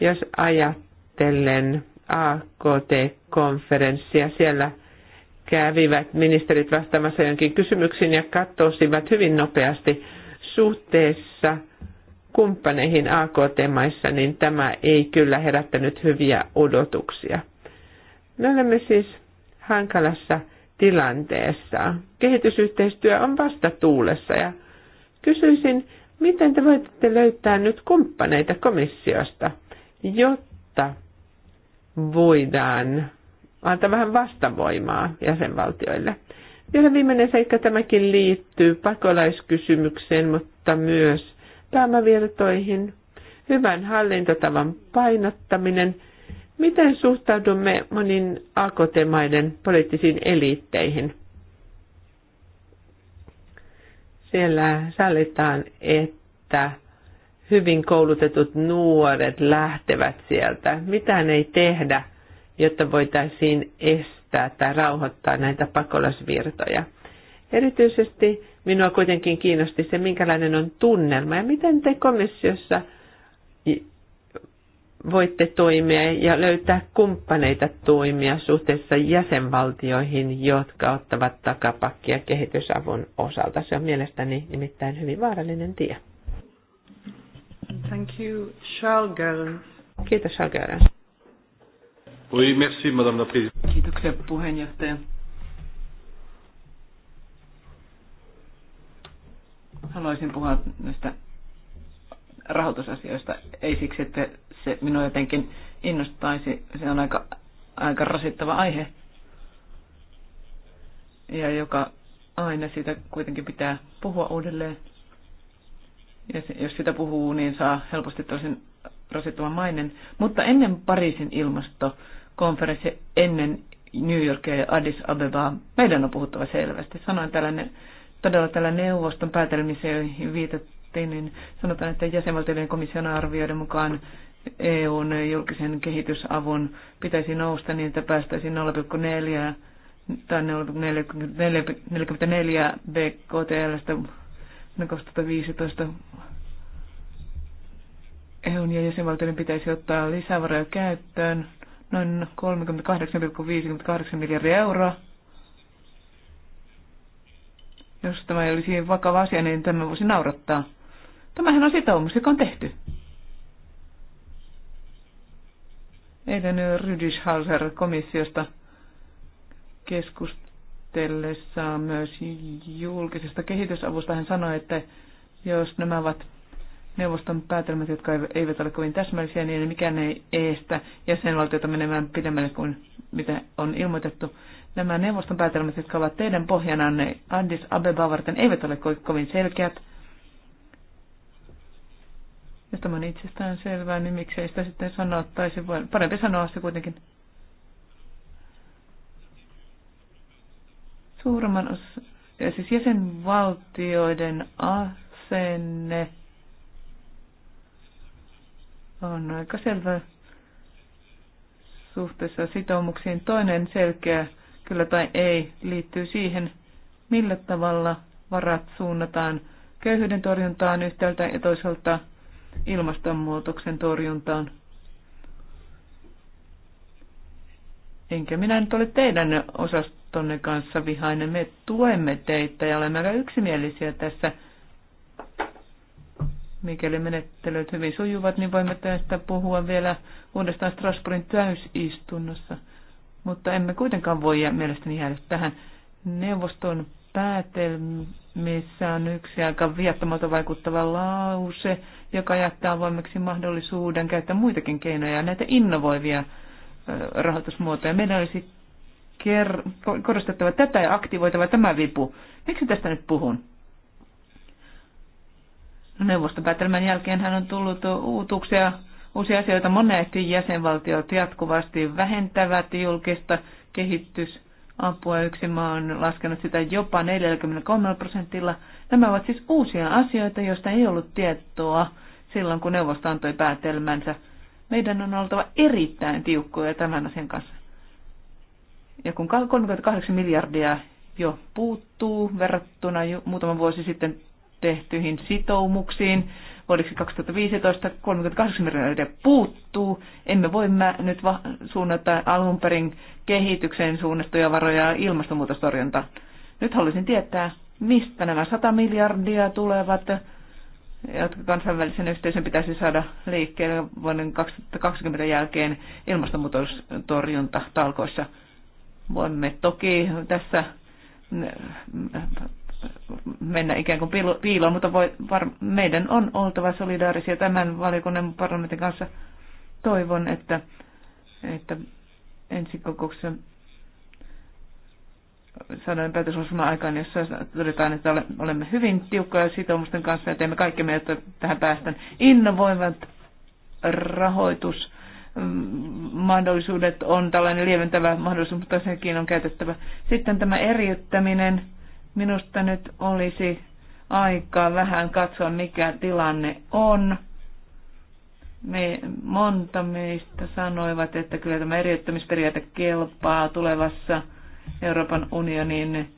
Jos ajattelen AKT-konferenssia, siellä kävivät ministerit vastaamassa jonkin kysymyksiin ja katosivat hyvin nopeasti suhteessa kumppaneihin AKT-maissa, niin tämä ei kyllä herättänyt hyviä odotuksia. Me olemme siis hankalassa tilanteessa. Kehitysyhteistyö on vasta tuulessa ja kysyisin, miten te voitte löytää nyt kumppaneita komissiosta, jotta voidaan antaa vähän vastavoimaa jäsenvaltioille. Vielä viimeinen seikka tämäkin liittyy pakolaiskysymykseen, mutta myös pääomavirtoihin. Hyvän hallintotavan painottaminen Miten suhtaudumme monin AKT-maiden poliittisiin eliitteihin? Siellä sallitaan, että hyvin koulutetut nuoret lähtevät sieltä. Mitään ei tehdä, jotta voitaisiin estää tai rauhoittaa näitä pakolaisvirtoja. Erityisesti minua kuitenkin kiinnosti se, minkälainen on tunnelma ja miten te komissiossa voitte toimia ja löytää kumppaneita toimia suhteessa jäsenvaltioihin, jotka ottavat takapakkia kehitysavun osalta. Se on mielestäni nimittäin hyvin vaarallinen tie. Thank you, Charles Kiitos, Charles Oui, merci, Madame la Présidente. Kiitoksia, puheenjohtaja. Haluaisin puhua näistä rahoitusasioista, ei siksi, että se minua jotenkin innostaisi. Se on aika, aika rasittava aihe. Ja joka aina siitä kuitenkin pitää puhua uudelleen. Ja se, jos sitä puhuu, niin saa helposti tosin rasittavan mainen. Mutta ennen Pariisin ilmastokonferenssi, ennen New Yorkia ja Addis Abebaa, meidän on puhuttava selvästi. Sanoin tällainen, todella tällä neuvoston päätelmissä, joihin viitattiin, niin sanotaan, että jäsenvaltioiden komission arvioiden mukaan EUn julkisen kehitysavun pitäisi nousta niin, että päästäisiin 0,4 tai 0,44 BKTL 2015 EUn ja jäsenvaltioiden pitäisi ottaa lisävaroja käyttöön noin 38,58 miljardia euroa. Jos tämä ei olisi vakava asia, niin tämä voisi naurattaa. Tämähän on sitoumus, joka on tehty. Eilen Rydishauser komissiosta keskustellessaan myös julkisesta kehitysavusta hän sanoi, että jos nämä ovat neuvoston päätelmät, jotka eivät ole kovin täsmällisiä, niin mikään ei estä jäsenvaltiota menemään pidemmälle kuin mitä on ilmoitettu. Nämä neuvoston päätelmät, jotka ovat teidän pohjananne Addis Abeba varten, eivät ole kovin selkeät jos tämä on itsestään selvää, niin miksei sitä sitten sanottaisi. Parempi sanoa se kuitenkin. Suuremman os- siis jäsenvaltioiden asenne on aika selvä suhteessa sitoumuksiin. Toinen selkeä kyllä tai ei liittyy siihen, millä tavalla varat suunnataan köyhyyden torjuntaan yhtäältä ja toisaalta ilmastonmuutoksen torjuntaan. Enkä minä nyt ole teidän osastonne kanssa vihainen. Me tuemme teitä ja olemme aika yksimielisiä tässä. Mikäli menettelyt hyvin sujuvat, niin voimme tästä puhua vielä uudestaan Strasbourgin täysistunnossa. Mutta emme kuitenkaan voi mielestäni jäädä tähän neuvoston päätelmiin missä on yksi aika viattomalta vaikuttava lause, joka jättää avoimeksi mahdollisuuden käyttää muitakin keinoja, näitä innovoivia rahoitusmuotoja. Meidän olisi ker- korostettava tätä ja aktivoitava tämä vipu. Miksi tästä nyt puhun? Neuvostopäätelmän jälkeen hän on tullut uutuuksia, uusia asioita. Monet jäsenvaltiot jatkuvasti vähentävät julkista kehitys- apua. Yksi maa on laskenut sitä jopa 43 prosentilla. Nämä ovat siis uusia asioita, joista ei ollut tietoa silloin, kun neuvosto antoi päätelmänsä. Meidän on oltava erittäin tiukkoja tämän asian kanssa. Ja kun 38 miljardia jo puuttuu verrattuna muutama vuosi sitten tehtyihin sitoumuksiin, vuodeksi 2015 38 miljoonaa puuttuu. Emme voi mä nyt va- suunnata alun perin kehitykseen suunnattuja varoja ilmastonmuutostorjunta. Nyt haluaisin tietää, mistä nämä 100 miljardia tulevat, jotka kansainvälisen yhteisön pitäisi saada liikkeelle vuoden 2020 jälkeen ilmastonmuutostorjunta talkoissa. Voimme toki tässä mennä ikään kuin piiloon, mutta voi, var, meidän on oltava solidaarisia tämän valiokunnan parlamentin kanssa. Toivon, että, että ensi kokouksessa sanoin päätösosuma aikaan, jossa todetaan, että olemme hyvin tiukkoja sitoumusten kanssa ja teemme kaikkemme, jotta tähän päästään. Innovoivat rahoitus mm, mahdollisuudet on tällainen lieventävä mahdollisuus, mutta sekin on käytettävä. Sitten tämä eriyttäminen Minusta nyt olisi aikaa vähän katsoa, mikä tilanne on. Me, monta meistä sanoivat, että kyllä tämä eriyttämisperiaate kelpaa tulevassa Euroopan unionin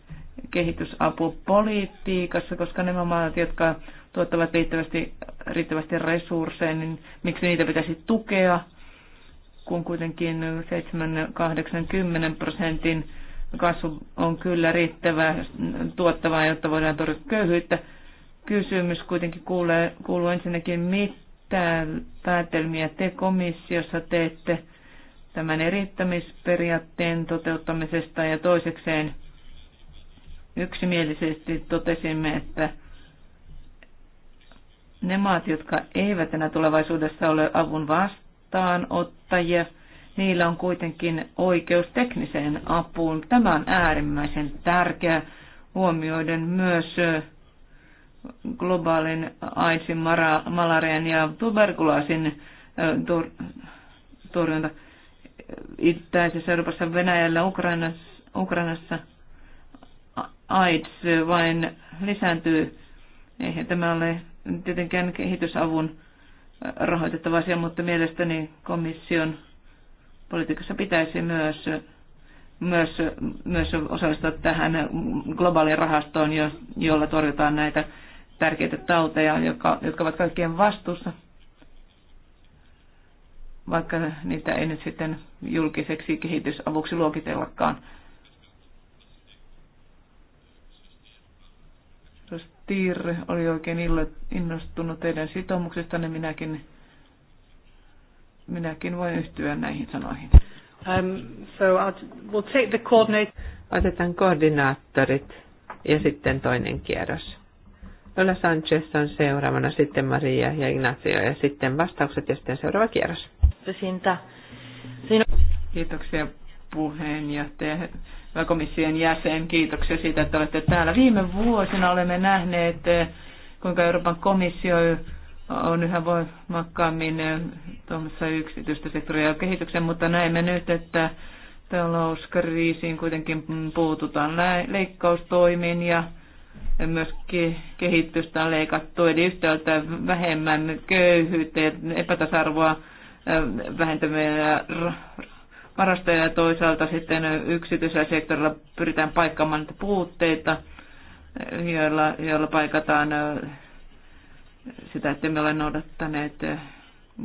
kehitysapupolitiikassa, koska nämä maat, jotka tuottavat riittävästi, riittävästi resursseja, niin miksi niitä pitäisi tukea, kun kuitenkin 7-80 prosentin kasvu on kyllä riittävää tuottavaa, jotta voidaan torjua köyhyyttä. Kysymys kuitenkin kuulee, kuuluu ensinnäkin, mitä päätelmiä te komissiossa teette tämän erittämisperiaatteen toteuttamisesta ja toisekseen yksimielisesti totesimme, että ne maat, jotka eivät enää tulevaisuudessa ole avun vastaanottajia, niillä on kuitenkin oikeus tekniseen apuun. Tämä on äärimmäisen tärkeä huomioiden myös globaalin AIDSin, malarian ja tuberkulaasin torjunta itäisessä Euroopassa, Venäjällä, Ukrainassa, Ukrainassa AIDS vain lisääntyy. Eihän tämä ole tietenkään kehitysavun rahoitettava asia, mutta mielestäni komission Politiikassa pitäisi myös, myös, myös osallistua tähän globaaliin rahastoon, jolla torjutaan näitä tärkeitä tauteja, jotka, jotka ovat kaikkien vastuussa, vaikka niitä ei nyt sitten julkiseksi kehitysavuksi luokitellakaan. Jos Tiir oli oikein innostunut teidän sitoumuksestanne, minäkin Minäkin voin yhtyä näihin sanoihin. Um, so we'll take the coordinate. Otetaan koordinaattorit ja sitten toinen kierros. Lola Sanchez on seuraavana, sitten Maria ja Ignacio ja sitten vastaukset ja sitten seuraava kierros. Sinta. Siinä... Kiitoksia puheenjohtaja, hyvä komission jäsen. Kiitoksia siitä, että olette täällä. Viime vuosina olemme nähneet, kuinka Euroopan komissio on yhä voimakkaammin eh, tuomassa yksityistä sektoria kehityksen, mutta näemme nyt, että talouskriisiin kuitenkin puututaan leikkaustoimiin ja myöskin kehitystä on leikattu, eli yhtäältä vähemmän köyhyyttä ja epätasarvoa eh, vähentämällä varastoja ja toisaalta sitten yksityisellä sektorilla pyritään paikkaamaan puutteita, eh, joilla, joilla paikataan sitä, että me olemme noudattaneet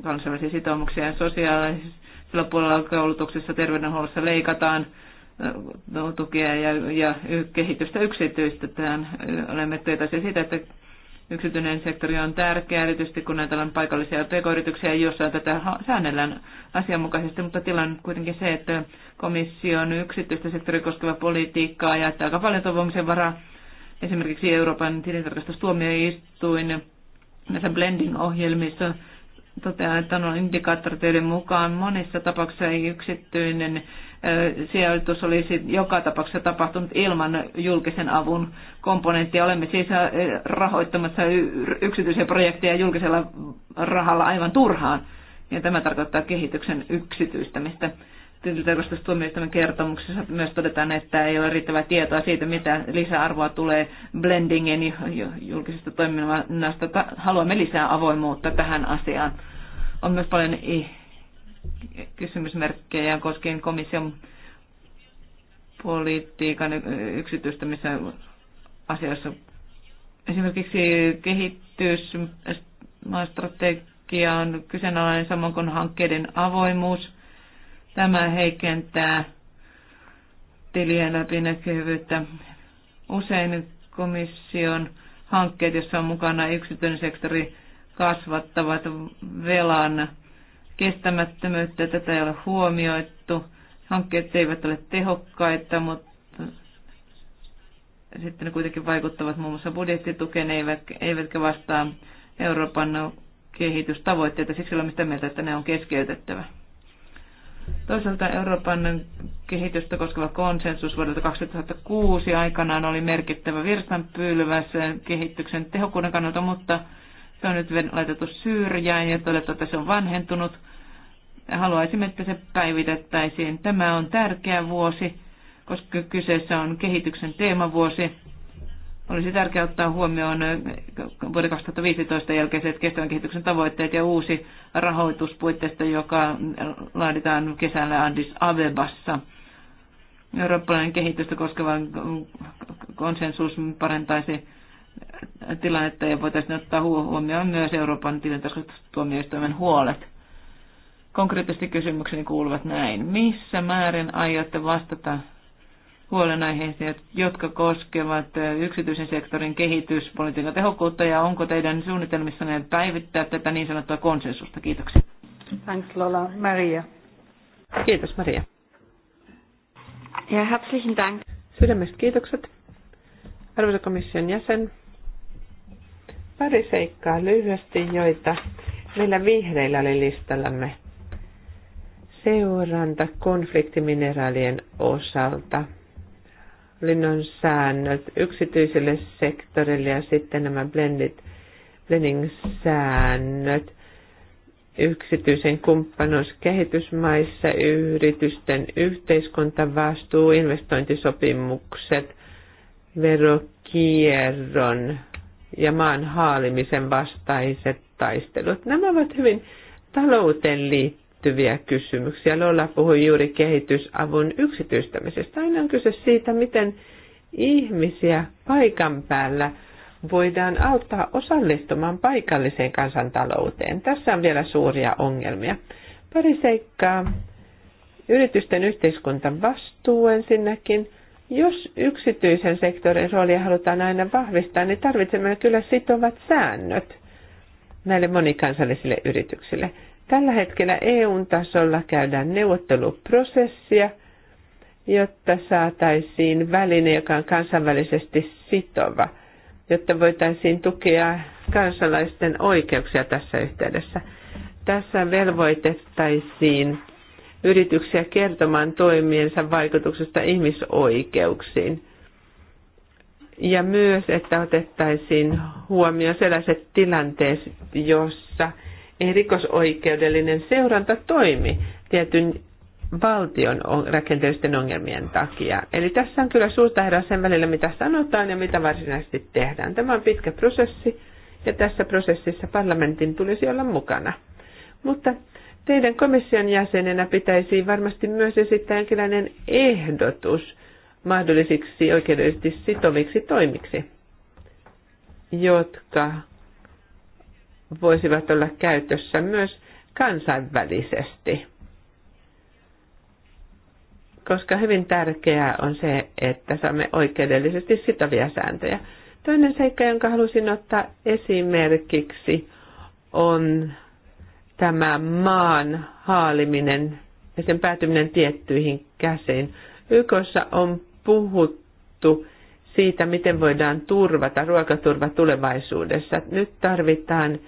kansainvälisiä sitoumuksia ja sosiaalisella puolella koulutuksessa terveydenhuollossa leikataan tukea ja, ja kehitystä yksityistetään. Olemme tietoisia siitä, että yksityinen sektori on tärkeä, erityisesti kun on paikallisia pk-yrityksiä, joissa tätä säännellään asianmukaisesti, mutta tilanne on kuitenkin se, että komission yksityistä sektoria koskeva politiikkaa jättää aika paljon toivomisen varaa. Esimerkiksi Euroopan tilintarkastustuomioistuin näissä blending-ohjelmissa toteaa, että on indikaattoreiden mukaan monissa tapauksissa ei yksityinen sijoitus olisi joka tapauksessa tapahtunut ilman julkisen avun komponenttia. Olemme siis rahoittamassa yksityisiä projekteja julkisella rahalla aivan turhaan. Ja tämä tarkoittaa kehityksen yksityistämistä tuomioistuimen kertomuksessa myös todetaan, että ei ole riittävää tietoa siitä, mitä lisäarvoa tulee blendingin julkisesta toiminnasta. Haluamme lisää avoimuutta tähän asiaan. On myös paljon kysymysmerkkejä koskien komission politiikan yksityistämisen asioissa. Esimerkiksi kehitys, on kyseenalainen samoin kuin hankkeiden avoimuus Tämä heikentää tilien läpinäkyvyyttä. Usein komission hankkeet, joissa on mukana yksityinen sektori, kasvattavat velan kestämättömyyttä. Tätä ei ole huomioittu. Hankkeet eivät ole tehokkaita, mutta sitten ne kuitenkin vaikuttavat muun muassa budjettitukeen, eivätkä vastaa Euroopan kehitystavoitteita. Siksi olemme sitä mieltä, että ne on keskeytettävä. Toisaalta Euroopan kehitystä koskeva konsensus vuodelta 2006 aikanaan oli merkittävä virstanpylväs kehityksen tehokkuuden kannalta, mutta se on nyt laitettu syrjään ja todettu, että se on vanhentunut. Haluaisimme, että se päivitettäisiin. Tämä on tärkeä vuosi, koska kyseessä on kehityksen teemavuosi olisi tärkeää ottaa huomioon vuoden 2015 jälkeiset kestävän kehityksen tavoitteet ja uusi rahoituspuitteista, joka laaditaan kesällä Addis Abebassa. Eurooppalainen kehitystä koskeva konsensus parantaisi tilannetta ja voitaisiin ottaa huomioon myös Euroopan tilintarkastustuomioistuimen huolet. Konkreettisesti kysymykseni kuuluvat näin. Missä määrin aiotte vastata huolenaiheisiin, jotka koskevat yksityisen sektorin kehityspolitiikan tehokkuutta ja onko teidän suunnitelmissanne päivittää tätä niin sanottua konsensusta? Kiitoksia. Thanks Lola. Maria. Kiitos Maria. Ja herzlichen Dank. Sydämestä kiitokset. Arvoisa komission jäsen, pari seikkaa lyhyesti, joita meillä vihreillä oli listallamme. Seuranta konfliktimineraalien osalta hallinnon säännöt yksityiselle sektorille ja sitten nämä blendit, blending säännöt yksityisen kumppanuus kehitysmaissa, yritysten yhteiskuntavastuu, investointisopimukset, verokierron ja maan haalimisen vastaiset taistelut. Nämä ovat hyvin talouteen liittyviä liittyviä kysymyksiä. Lola puhui juuri kehitysavun yksityistämisestä. Aina on kyse siitä, miten ihmisiä paikan päällä voidaan auttaa osallistumaan paikalliseen kansantalouteen. Tässä on vielä suuria ongelmia. Pari seikkaa. Yritysten yhteiskunta vastuu ensinnäkin. Jos yksityisen sektorin roolia halutaan aina vahvistaa, niin tarvitsemme kyllä sitovat säännöt näille monikansallisille yrityksille. Tällä hetkellä eu tasolla käydään neuvotteluprosessia, jotta saataisiin väline, joka on kansainvälisesti sitova, jotta voitaisiin tukea kansalaisten oikeuksia tässä yhteydessä. Tässä velvoitettaisiin yrityksiä kertomaan toimiensa vaikutuksesta ihmisoikeuksiin. Ja myös, että otettaisiin huomioon sellaiset tilanteet, jossa – ei rikosoikeudellinen seuranta toimi tietyn valtion rakenteellisten ongelmien takia. Eli tässä on kyllä suurta eroa sen välillä, mitä sanotaan ja mitä varsinaisesti tehdään. Tämä on pitkä prosessi ja tässä prosessissa parlamentin tulisi olla mukana. Mutta teidän komission jäsenenä pitäisi varmasti myös esittää jonkinlainen ehdotus mahdollisiksi oikeudellisesti sitoviksi toimiksi, jotka voisivat olla käytössä myös kansainvälisesti. Koska hyvin tärkeää on se, että saamme oikeudellisesti sitovia sääntöjä. Toinen seikka, jonka halusin ottaa esimerkiksi, on tämä maan haaliminen ja sen päätyminen tiettyihin käsiin. YKssa on puhuttu siitä, miten voidaan turvata ruokaturva tulevaisuudessa. Nyt tarvitaan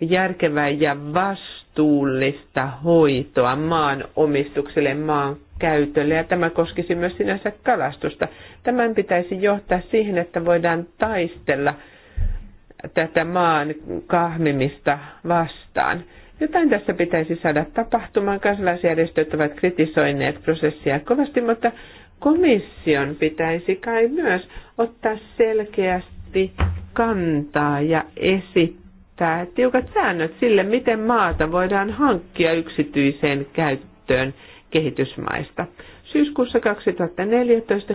järkevää ja vastuullista hoitoa maan omistukselle, maan käytölle. Ja tämä koskisi myös sinänsä kalastusta. Tämän pitäisi johtaa siihen, että voidaan taistella tätä maan kahmimista vastaan. Jotain tässä pitäisi saada tapahtumaan. Kansalaisjärjestöt ovat kritisoineet prosessia kovasti, mutta komission pitäisi kai myös ottaa selkeästi kantaa ja esittää esittää tiukat säännöt sille, miten maata voidaan hankkia yksityiseen käyttöön kehitysmaista. Syyskuussa 2014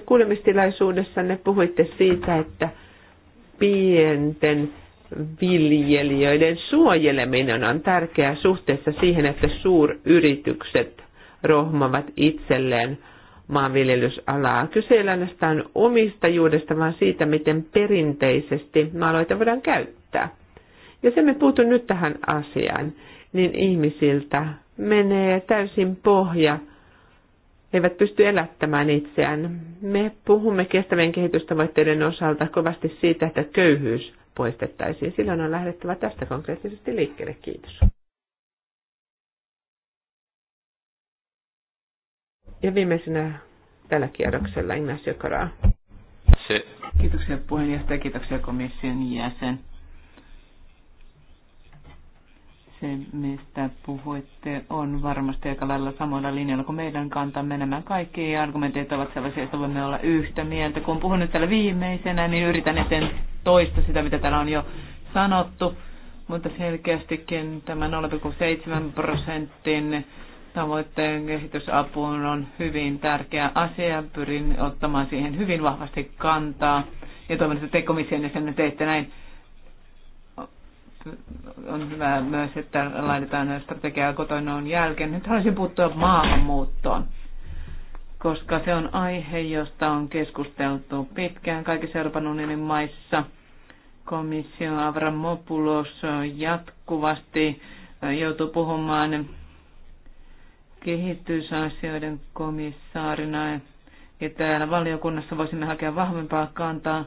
ne puhuitte siitä, että pienten viljelijöiden suojeleminen on tärkeää suhteessa siihen, että suuryritykset rohmavat itselleen maanviljelysalaa. Kyse ei ainoastaan omistajuudesta, vaan siitä, miten perinteisesti maaloita voidaan käyttää. Jos emme puutu nyt tähän asiaan, niin ihmisiltä menee täysin pohja, he eivät pysty elättämään itseään. Me puhumme kestävien kehitystavoitteiden osalta kovasti siitä, että köyhyys poistettaisiin. Silloin on lähdettävä tästä konkreettisesti liikkeelle. Kiitos. Ja viimeisenä tällä kierroksella Ignacio Koraa. Kiitoksia puheenjohtaja, kiitoksia komission jäsen. se, mistä puhuitte, on varmasti aika lailla samoilla linjoilla kuin meidän kantamme. Nämä kaikki argumentit ovat sellaisia, että voimme olla yhtä mieltä. Kun puhun nyt täällä viimeisenä, niin yritän eteen toista sitä, mitä täällä on jo sanottu. Mutta selkeästikin tämä 0,7 prosentin tavoitteen kehitysapuun on hyvin tärkeä asia. Pyrin ottamaan siihen hyvin vahvasti kantaa ja toivon, että te komission jäsenet teette näin on hyvä myös, että laitetaan strategiaa kotoinnon jälkeen. Nyt haluaisin puuttua maahanmuuttoon, koska se on aihe, josta on keskusteltu pitkään kaikissa Euroopan unionin maissa. Komissio Avramopoulos jatkuvasti joutuu puhumaan kehitysasioiden komissaarina. Ja täällä valiokunnassa voisimme hakea vahvempaa kantaa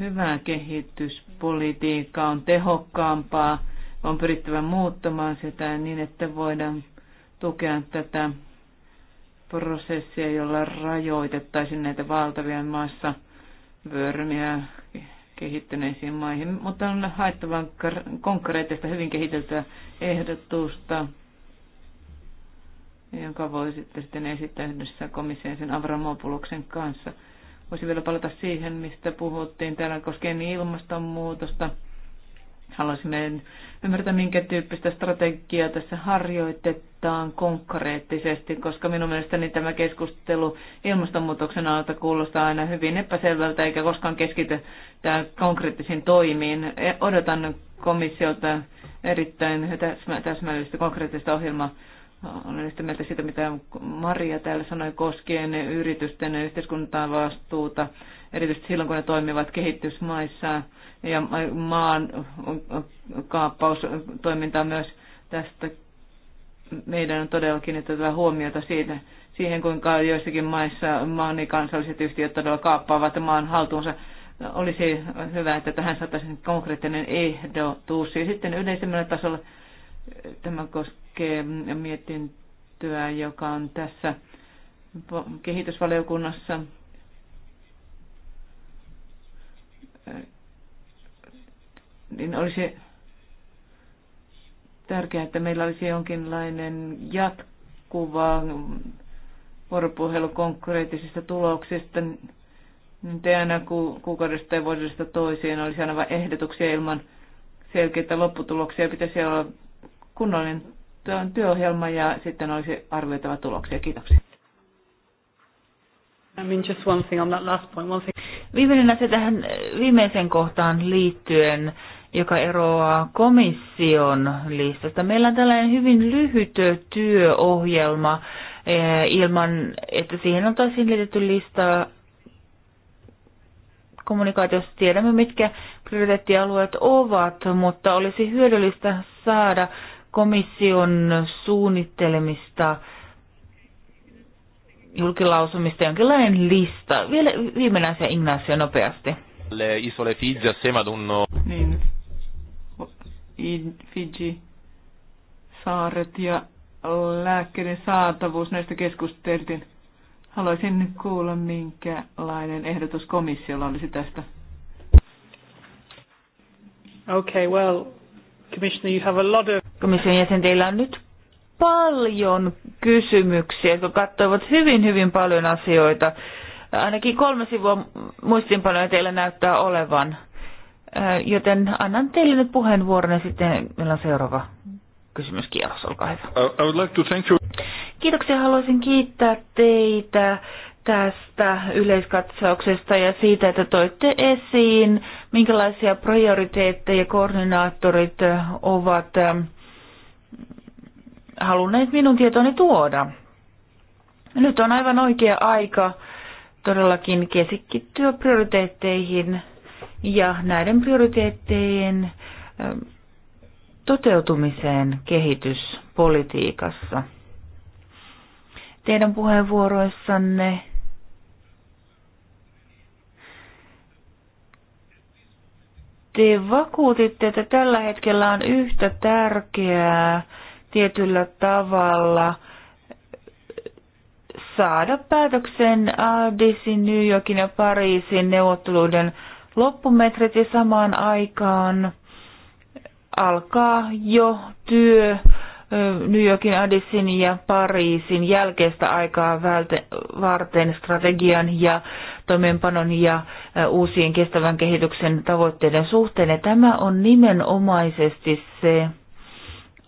hyvää kehityspolitiikkaa on tehokkaampaa, on pyrittävä muuttamaan sitä niin, että voidaan tukea tätä prosessia, jolla rajoitettaisiin näitä valtavia maassa vyörymiä kehittyneisiin maihin, mutta on haettava konkreettista, hyvin kehiteltyä ehdotusta, jonka voi sitten esittää yhdessä komission sen Avramopuloksen kanssa. Voisin vielä palata siihen, mistä puhuttiin täällä koskien ilmastonmuutosta. Haluaisimme ymmärtää, minkä tyyppistä strategiaa tässä harjoitetaan konkreettisesti, koska minun mielestäni tämä keskustelu ilmastonmuutoksen alta kuulostaa aina hyvin epäselvältä, eikä koskaan keskitytä konkreettisiin toimiin. E, odotan komissiolta erittäin täsmällistä konkreettista ohjelmaa olen yhtä mieltä siitä, mitä Maria täällä sanoi koskien yritysten yhteiskuntaan vastuuta, erityisesti silloin, kun ne toimivat kehitysmaissa ja maan kaappaustoiminta myös tästä. Meidän on todellakin kiinnitettävä huomiota siitä, siihen, kuinka joissakin maissa maanikansalliset yhtiöt todella kaappaavat maan haltuunsa. Olisi hyvä, että tähän saataisiin konkreettinen ehdotus. Ja sitten yleisemmällä tasolla tämä koskee koskee mietintöä, joka on tässä kehitysvaliokunnassa niin olisi tärkeää, että meillä olisi jonkinlainen jatkuva vuoropuhelu konkreettisista tuloksista. Nyt ei aina ku, kuukaudesta ja vuodesta toiseen olisi aina vain ehdotuksia ilman selkeitä lopputuloksia. Pitäisi olla kunnollinen käyttöön työohjelma ja sitten olisi arvioitava tuloksia. Kiitoksia. I mean just one thing on that last point. One thing. Viimeinen asia tähän äh, viimeiseen kohtaan liittyen, joka eroaa komission listasta. Meillä on tällainen hyvin lyhyt työohjelma äh, ilman, että siihen on tosin liitetty lista kommunikaatiossa tiedämme, mitkä prioriteettialueet ovat, mutta olisi hyödyllistä saada komission suunnittelemista julkilausumista jonkinlainen lista. Vielä viimeinen asia Ignacio nopeasti. Le isole Fiji assieme ad un... Niin. Fiji, saaret ja lääkkeiden saatavuus, näistä keskusteltiin. Haluaisin kuulla, minkälainen ehdotus komissiolla olisi tästä. Okay, well, Commissioner, you have a lot of... Komission jäsen, teillä on nyt paljon kysymyksiä, jotka katsoivat hyvin, hyvin paljon asioita. Ainakin kolme sivua muistinpanoja teillä näyttää olevan. Äh, joten annan teille nyt puheenvuoron ja sitten meillä on seuraava kysymyskierros. Olkaa hyvä. I would like to thank you. Kiitoksia. Haluaisin kiittää teitä tästä yleiskatsauksesta ja siitä, että toitte esiin minkälaisia prioriteetteja koordinaattorit ovat ähm, halunneet minun tietoni tuoda. Nyt on aivan oikea aika todellakin keskittyä prioriteetteihin ja näiden prioriteettien ähm, toteutumiseen kehityspolitiikassa. Teidän puheenvuoroissanne te vakuutitte, että tällä hetkellä on yhtä tärkeää tietyllä tavalla saada päätöksen Addisin, New Yorkin ja Pariisin neuvotteluiden loppumetrit ja samaan aikaan alkaa jo työ New Yorkin, Addisin ja Pariisin jälkeistä aikaa varten strategian ja toimeenpanon ja uusien kestävän kehityksen tavoitteiden suhteen. Ja tämä on nimenomaisesti se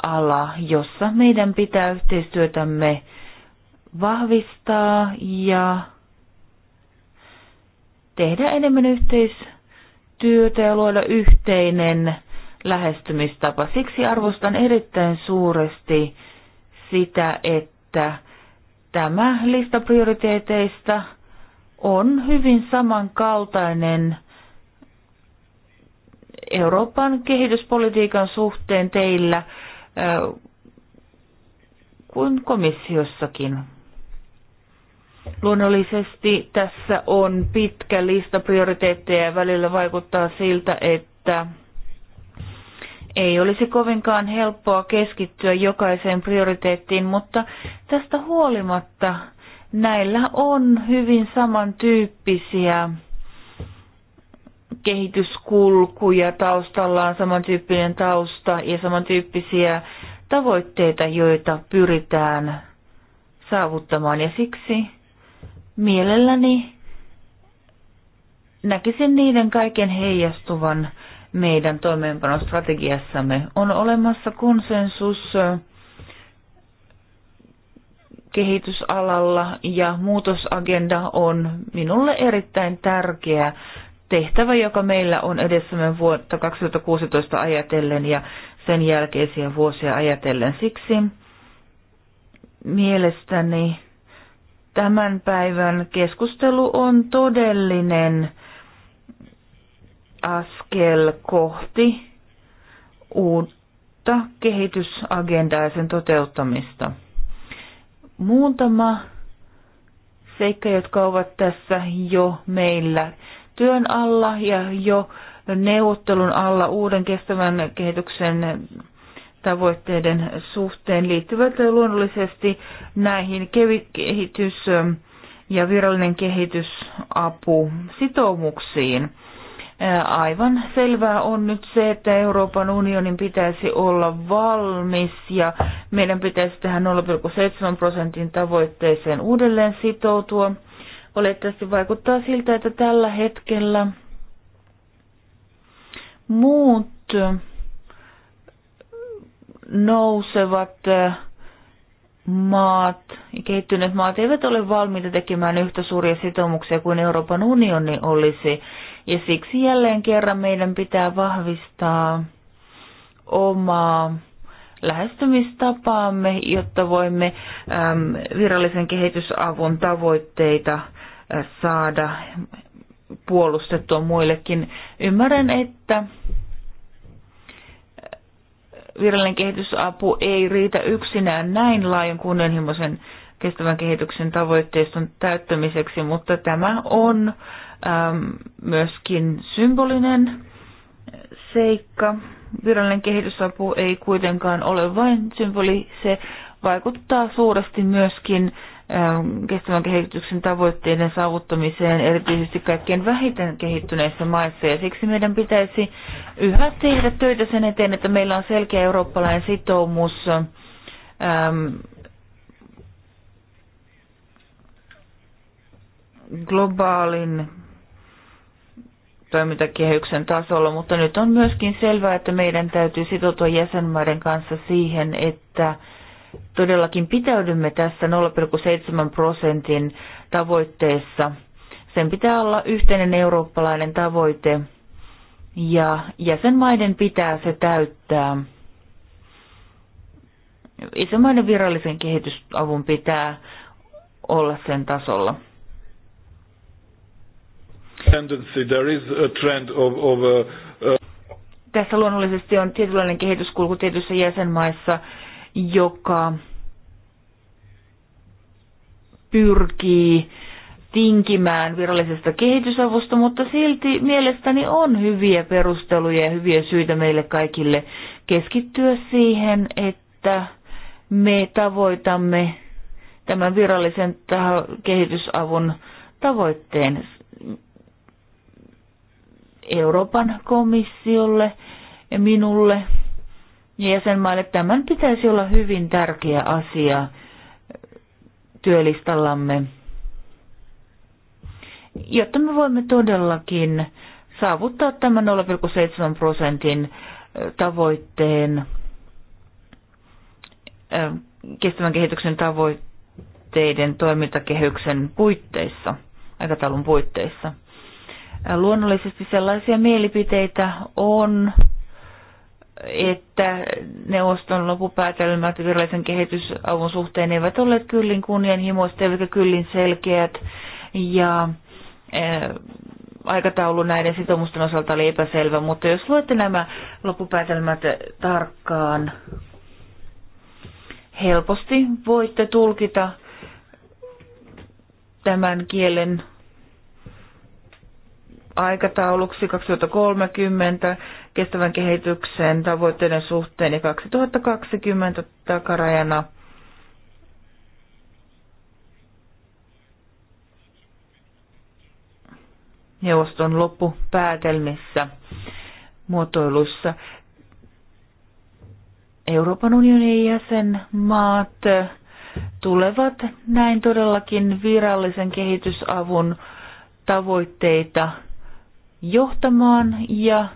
ala, jossa meidän pitää yhteistyötämme vahvistaa ja tehdä enemmän yhteistyötä ja luoda yhteinen lähestymistapa. Siksi arvostan erittäin suuresti sitä, että tämä lista prioriteeteista – on hyvin samankaltainen Euroopan kehityspolitiikan suhteen teillä kuin komissiossakin. Luonnollisesti tässä on pitkä lista prioriteetteja ja välillä vaikuttaa siltä, että ei olisi kovinkaan helppoa keskittyä jokaiseen prioriteettiin, mutta tästä huolimatta näillä on hyvin samantyyppisiä kehityskulkuja taustallaan, samantyyppinen tausta ja samantyyppisiä tavoitteita, joita pyritään saavuttamaan. Ja siksi mielelläni näkisin niiden kaiken heijastuvan meidän toimeenpanostrategiassamme. On olemassa konsensus kehitysalalla ja muutosagenda on minulle erittäin tärkeä tehtävä, joka meillä on edessämme vuotta 2016 ajatellen ja sen jälkeisiä vuosia ajatellen. Siksi mielestäni tämän päivän keskustelu on todellinen askel kohti uutta kehitysagendaa ja sen toteuttamista muutama seikka, jotka ovat tässä jo meillä työn alla ja jo neuvottelun alla uuden kestävän kehityksen tavoitteiden suhteen liittyvät luonnollisesti näihin kehitys- ja virallinen kehitysapu sitoumuksiin. Aivan selvää on nyt se, että Euroopan unionin pitäisi olla valmis ja meidän pitäisi tähän 0,7 prosentin tavoitteeseen uudelleen sitoutua. Olettavasti vaikuttaa siltä, että tällä hetkellä muut nousevat maat kehittyneet maat eivät ole valmiita tekemään yhtä suuria sitoumuksia kuin Euroopan unioni olisi. Ja siksi jälleen kerran meidän pitää vahvistaa omaa lähestymistapaamme, jotta voimme äm, virallisen kehitysavun tavoitteita saada puolustettua muillekin. Ymmärrän, että virallinen kehitysapu ei riitä yksinään näin laajan kunnianhimoisen kestävän kehityksen tavoitteiston täyttämiseksi, mutta tämä on äh, Ähm, myöskin symbolinen seikka. Virallinen kehitysapu ei kuitenkaan ole vain symboli, se vaikuttaa suuresti myöskin ähm, kestävän kehityksen tavoitteiden saavuttamiseen, erityisesti kaikkein vähiten kehittyneissä maissa. Ja siksi meidän pitäisi yhä tehdä töitä sen eteen, että meillä on selkeä eurooppalainen sitoumus äm, globaalin toimintakehyksen tasolla, mutta nyt on myöskin selvää, että meidän täytyy sitoutua jäsenmaiden kanssa siihen, että todellakin pitäydymme tässä 0,7 prosentin tavoitteessa. Sen pitää olla yhteinen eurooppalainen tavoite ja jäsenmaiden pitää se täyttää. Isomainen virallisen kehitysavun pitää olla sen tasolla. Tendency, there is a trend of, of a, uh, a uh, Tässä luonnollisesti on tietynlainen kehityskulku tietyissä jäsenmaissa, joka pyrkii tinkimään virallisesta kehitysavusta, mutta silti mielestäni on hyviä perusteluja ja hyviä syitä meille kaikille keskittyä siihen, että me tavoitamme tämän virallisen kehitysavun tavoitteen. Euroopan komissiolle ja minulle jäsenmaille. Tämän pitäisi olla hyvin tärkeä asia työlistallamme, jotta me voimme todellakin saavuttaa tämän 0,7 prosentin tavoitteen, kestävän kehityksen tavoitteiden toimintakehyksen puitteissa, aikataulun puitteissa. Luonnollisesti sellaisia mielipiteitä on, että neuvoston lopupäätelmät virallisen kehitysavun suhteen eivät olleet kyllin kunnianhimoista eivätkä kyllin selkeät ja eh, aikataulu näiden sitoumusten osalta oli epäselvä, mutta jos luette nämä loppupäätelmät tarkkaan, helposti voitte tulkita tämän kielen aikatauluksi 2030 kestävän kehityksen tavoitteiden suhteen ja 2020 takarajana neuvoston loppupäätelmissä muotoiluissa. Euroopan unionin jäsenmaat tulevat näin todellakin virallisen kehitysavun tavoitteita johtamaan ja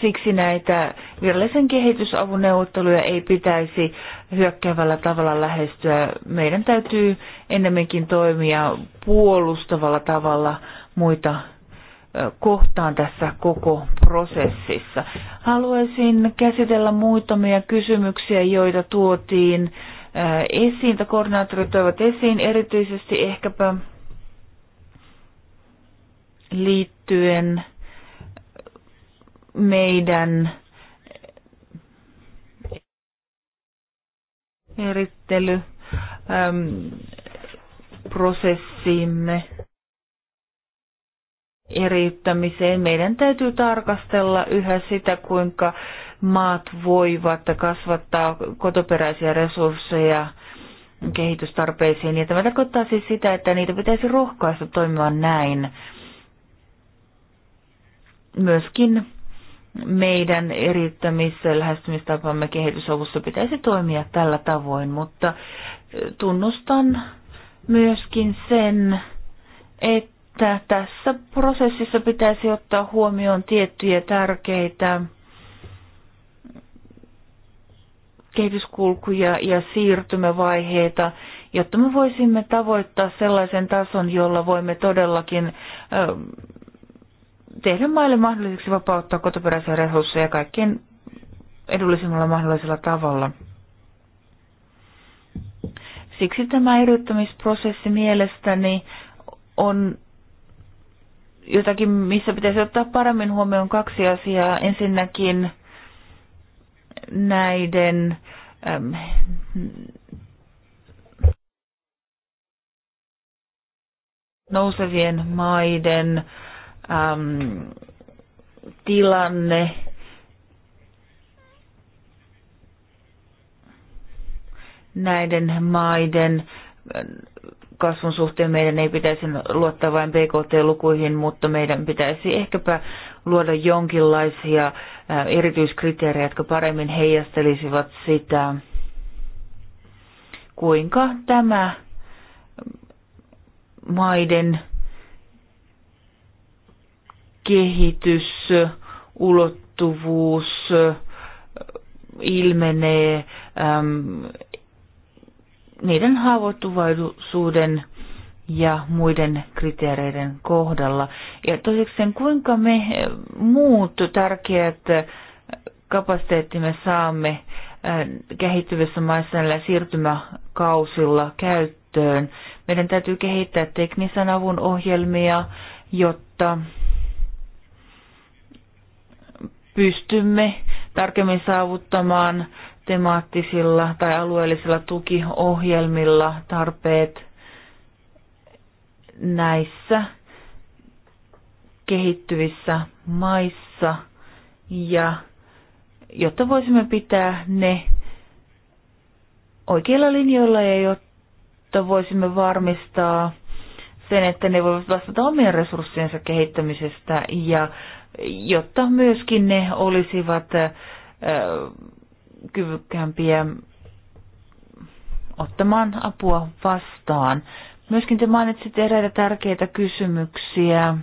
siksi näitä virallisen kehitysavun neuvotteluja ei pitäisi hyökkäävällä tavalla lähestyä. Meidän täytyy ennemminkin toimia puolustavalla tavalla muita kohtaan tässä koko prosessissa. Haluaisin käsitellä muutamia kysymyksiä, joita tuotiin esiin, tai koordinaattorit toivat esiin erityisesti ehkäpä liittyen meidän erittelyprosessiimme eriyttämiseen. Meidän täytyy tarkastella yhä sitä, kuinka maat voivat kasvattaa kotoperäisiä resursseja kehitystarpeisiin. Ja tämä tarkoittaa siis sitä, että niitä pitäisi rohkaista toimimaan näin. Myöskin meidän eriyttämis- lähestymistapamme kehitysavussa pitäisi toimia tällä tavoin, mutta tunnustan myöskin sen, että tässä prosessissa pitäisi ottaa huomioon tiettyjä tärkeitä kehityskulkuja ja siirtymävaiheita, jotta me voisimme tavoittaa sellaisen tason, jolla voimme todellakin tehdä maille mahdolliseksi vapauttaa kotoperäisiä resursseja kaikkein edullisimmalla mahdollisella tavalla. Siksi tämä eriyttämisprosessi mielestäni on jotakin, missä pitäisi ottaa paremmin huomioon kaksi asiaa. Ensinnäkin näiden äm, nousevien maiden äm, tilanne. Näiden maiden äh, kasvun suhteen meidän ei pitäisi luottaa vain BKT-lukuihin, mutta meidän pitäisi ehkäpä luoda jonkinlaisia erityiskriteerejä, jotka paremmin heijastelisivat sitä, kuinka tämä maiden kehitys, ulottuvuus ilmenee, niiden haavoittuvaisuuden ja muiden kriteereiden kohdalla. Ja toisekseen, kuinka me eh, muut tärkeät eh, kapasiteettimme saamme eh, kehittyvissä maissa näillä siirtymäkausilla käyttöön. Meidän täytyy kehittää teknisen avun ohjelmia, jotta pystymme tarkemmin saavuttamaan temaattisilla tai alueellisilla tukiohjelmilla tarpeet – näissä kehittyvissä maissa ja jotta voisimme pitää ne oikeilla linjoilla ja jotta voisimme varmistaa sen, että ne voivat vastata omien resurssiensa kehittämisestä ja jotta myöskin ne olisivat kyvykkäämpiä ottamaan apua vastaan. Myöskin te mainitsitte eräitä tärkeitä kysymyksiä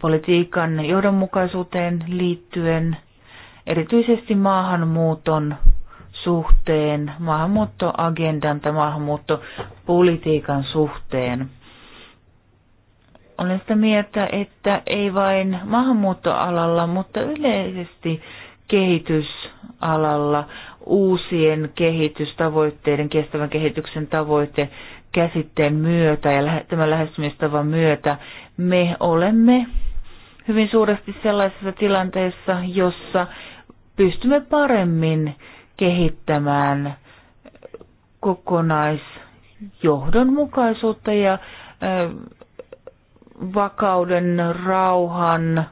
politiikan johdonmukaisuuteen liittyen, erityisesti maahanmuuton suhteen, maahanmuuttoagendan tai maahanmuuttopolitiikan suhteen. Olen sitä mieltä, että ei vain maahanmuuttoalalla, mutta yleisesti kehitys alalla uusien kehitystavoitteiden, kestävän kehityksen tavoite käsitteen myötä ja tämän lähestymistavan myötä me olemme hyvin suuresti sellaisessa tilanteessa, jossa pystymme paremmin kehittämään kokonaisjohdonmukaisuutta ja vakauden, rauhan,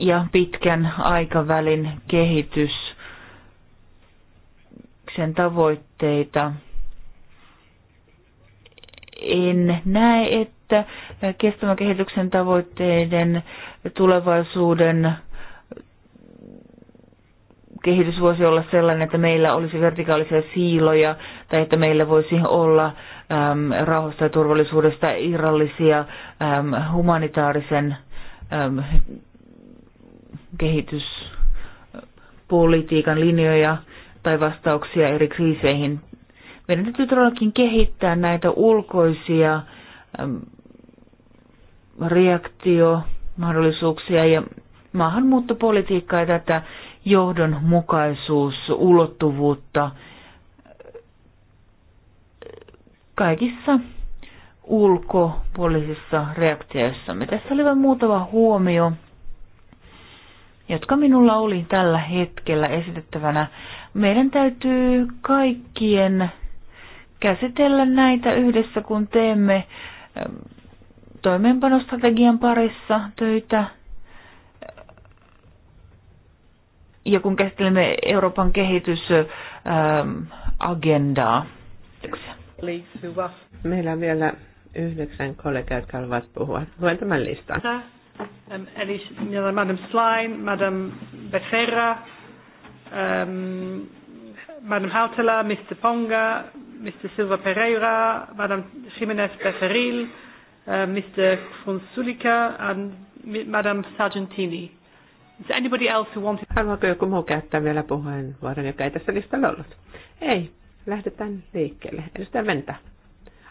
ja pitkän aikavälin kehitys, sen tavoitteita. En näe, että kestävän kehityksen tavoitteiden tulevaisuuden kehitys voisi olla sellainen, että meillä olisi vertikaalisia siiloja tai että meillä voisi olla äm, rauhasta ja turvallisuudesta irrallisia äm, humanitaarisen äm, kehityspolitiikan linjoja tai vastauksia eri kriiseihin. Meidän täytyy todellakin kehittää näitä ulkoisia reaktiomahdollisuuksia ja maahanmuuttopolitiikkaa ja tätä johdonmukaisuus ulottuvuutta kaikissa ulkopuolisissa reaktioissa. Tässä oli vain muutama huomio jotka minulla oli tällä hetkellä esitettävänä. Meidän täytyy kaikkien käsitellä näitä yhdessä, kun teemme ähm, toimeenpanostrategian parissa töitä. Ja kun käsittelemme Euroopan kehitysagendaa. Ähm, Meillä on vielä yhdeksän kollegaa, jotka haluavat puhua. Luen tämän listan. Um, is Madam Slein, Madam Becerra, um, Madam Hautala, Mr. Ponga, Mr. Silva Pereira, Madam Jimenez Becerril, uh, Mr. Fonsulica and Madam Sargentini. Is there anybody else who wanted... Haluaako joku muu käyttää vielä puheenvuoron, joka ei tässä listalla ollut? Ei. Lähdetään liikkeelle. Edustaja Venta.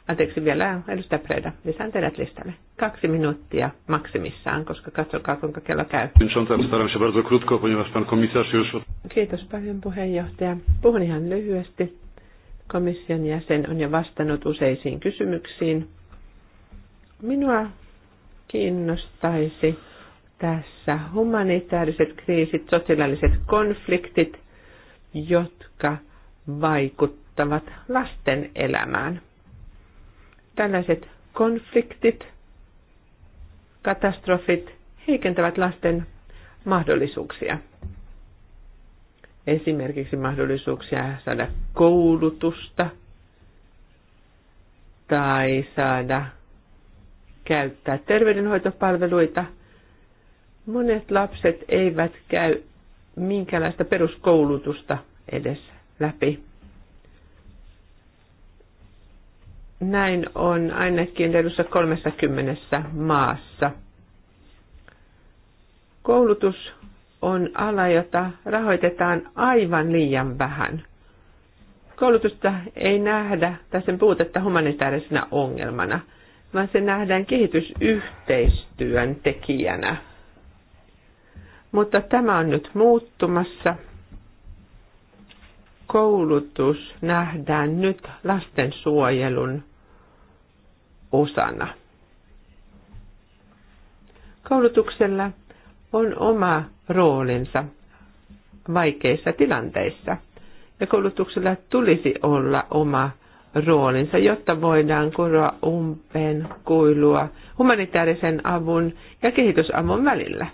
Anteeksi vielä, edustaja Preda, lisään teidät listalle. Kaksi minuuttia maksimissaan, koska katsokaa kuinka kello käy. Kiitos paljon puheenjohtaja. Puhun ihan lyhyesti. Komission jäsen on jo vastannut useisiin kysymyksiin. Minua kiinnostaisi tässä humanitaariset kriisit, sotilaalliset konfliktit, jotka vaikuttavat lasten elämään Tällaiset konfliktit, katastrofit heikentävät lasten mahdollisuuksia. Esimerkiksi mahdollisuuksia saada koulutusta tai saada käyttää terveydenhoitopalveluita. Monet lapset eivät käy minkäänlaista peruskoulutusta edes läpi. Näin on ainakin edussa 30 maassa. Koulutus on ala, jota rahoitetaan aivan liian vähän. Koulutusta ei nähdä tai sen puutetta humanitaarisena ongelmana, vaan se nähdään kehitysyhteistyön tekijänä. Mutta tämä on nyt muuttumassa. Koulutus nähdään nyt lastensuojelun osana. Koulutuksella on oma roolinsa vaikeissa tilanteissa ja koulutuksella tulisi olla oma roolinsa, jotta voidaan kuroa umpeen kuilua humanitaarisen avun ja kehitysavun välillä.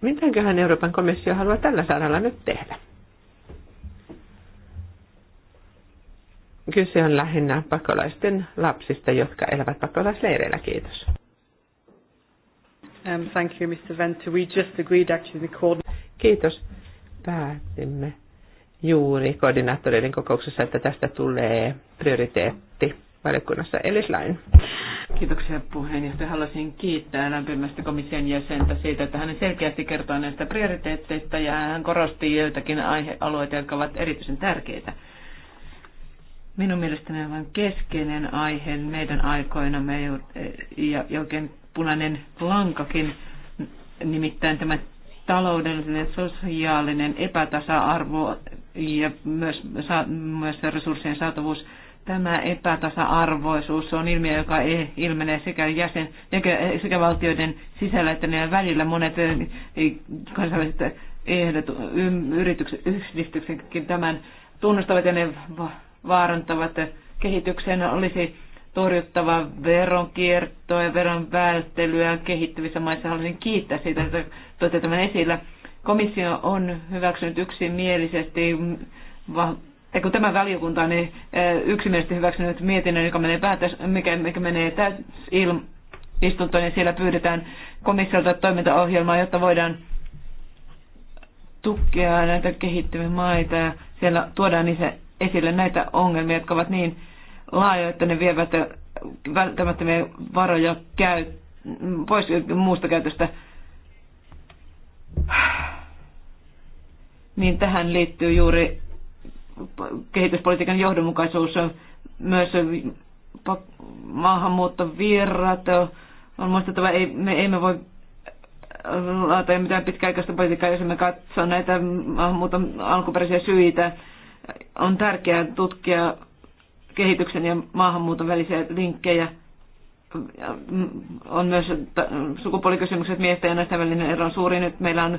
Mitäköhän Euroopan komissio haluaa tällä saralla nyt tehdä? Kyse on lähinnä pakolaisten lapsista, jotka elävät pakolaisleireillä. Kiitos. Um, thank you, Mr. Venter. We just agreed actually the Kiitos. Päätimme juuri koordinaattoreiden kokouksessa, että tästä tulee prioriteetti valiokunnassa Elislain. Kiitoksia puheenjohtaja. Haluaisin kiittää lämpimästä komission jäsentä siitä, että hän selkeästi kertoo näistä prioriteetteista ja hän korosti joitakin aihealueita, jotka ovat erityisen tärkeitä minun mielestäni aivan keskeinen aihe meidän ei, ja, ja oikein punainen lankakin, nimittäin tämä taloudellinen, sosiaalinen epätasa-arvo ja myös, myös resurssien saatavuus. Tämä epätasa-arvoisuus on ilmiö, joka e-, ilmenee sekä, jäsen, sekä valtioiden sisällä että niiden välillä. Monet e, kansainväliset ehdot, yritykset, yhdistyksetkin tämän tunnustavat ja ne vaarantavat kehityksen, olisi torjuttava veronkiertoa ja veron välttelyä kehittyvissä maissa. Haluaisin kiittää siitä, että toitte tämän esillä. Komissio on hyväksynyt yksimielisesti, kun tämä valiokunta on niin eh, yksimielisesti hyväksynyt mietinnön, joka menee, päätös, mikä, mikä menee istuntoon, niin siellä pyydetään komissiolta toimintaohjelmaa, jotta voidaan tukea näitä kehittyviä maita ja siellä tuodaan se esille näitä ongelmia, jotka ovat niin laajoja, että ne vievät välttämättömiä varoja käy, pois muusta käytöstä. Niin tähän liittyy juuri kehityspolitiikan johdonmukaisuus, myös maahanmuuttovirrat. On muistettava, ei, me emme voi laata mitään pitkäaikaista politiikkaa, jos me katsoo näitä maahanmuuton alkuperäisiä syitä on tärkeää tutkia kehityksen ja maahanmuuton välisiä linkkejä. On myös sukupuolikysymykset miesten ja naisten välinen ero on suuri. Nyt meillä on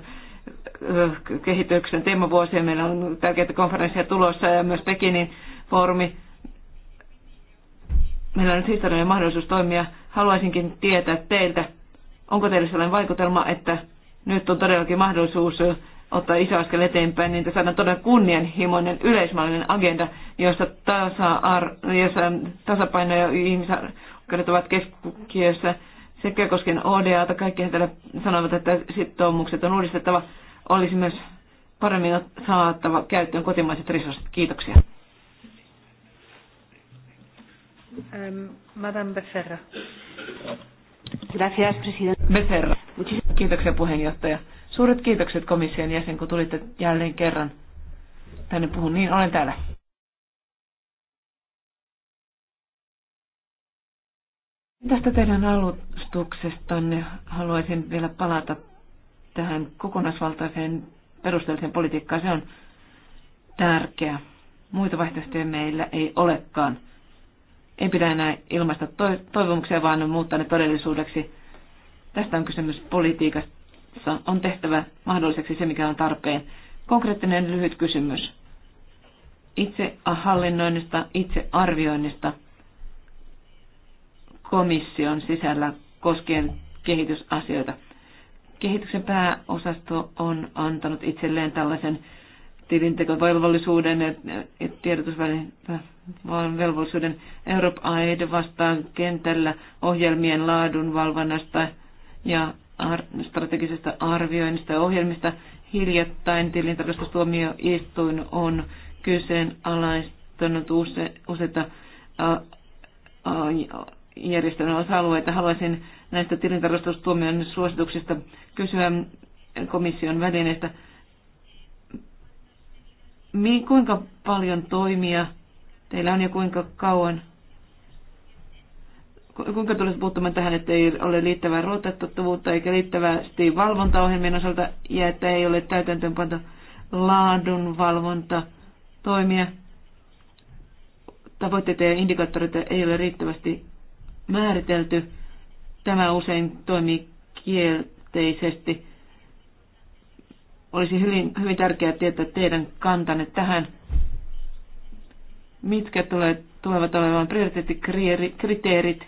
kehityksen teemavuosia. Meillä on tärkeitä konferensseja tulossa ja myös Pekinin foorumi. Meillä on nyt historiallinen mahdollisuus toimia. Haluaisinkin tietää teiltä, onko teillä sellainen vaikutelma, että nyt on todellakin mahdollisuus ottaa iso askel eteenpäin, niin että saadaan todella kunnianhimoinen yleismallinen agenda, jossa, tasa-ar- jossa tasapaino ja ihmisoikeudet ovat keskiössä sekä koskien että Kaikki täällä sanovat, että sitoumukset on uudistettava. Olisi myös paremmin saattava käyttöön kotimaiset resurssit. Kiitoksia. Madame Becerra. Gracias, presidente. Becerra. Kiitoksia puheenjohtaja. Suuret kiitokset komission jäsen, kun tulitte jälleen kerran tänne puhun. Niin, olen täällä. Tästä teidän alustuksestanne haluaisin vielä palata tähän kokonaisvaltaiseen perusteelliseen politiikkaan. Se on tärkeä. Muita vaihtoehtoja meillä ei olekaan. Ei pidä enää ilmaista toivomuksia, vaan muuttaa ne todellisuudeksi. Tästä on kysymys politiikasta on tehtävä mahdolliseksi se, mikä on tarpeen. Konkreettinen lyhyt kysymys. Itse hallinnoinnista, itse arvioinnista komission sisällä koskien kehitysasioita. Kehityksen pääosasto on antanut itselleen tällaisen tilintekovelvollisuuden ja tiedotusvelvollisuuden Europe Aid vastaan kentällä ohjelmien laadun valvonnasta ja ar- strategisesta arvioinnista ja ohjelmista. Hiljattain tilintarkastustuomioistuin on kyseenalaistanut use- useita järjestelmän osa-alueita. Haluaisin näistä tilintarkastustuomion suosituksista kysyä komission välineistä. Kuinka paljon toimia teillä on ja kuinka kauan kuinka tulisi puuttumaan tähän, että ei ole liittävää rokotettavuutta eikä liittävästi valvontaohjelmien osalta ja että ei ole täytäntöönpanto valvonta toimia. Tavoitteita ja indikaattoreita ei ole riittävästi määritelty. Tämä usein toimii kielteisesti. Olisi hyvin, hyvin tärkeää tietää teidän kantanne tähän. Mitkä tulee, tulevat olemaan prioriteettikriteerit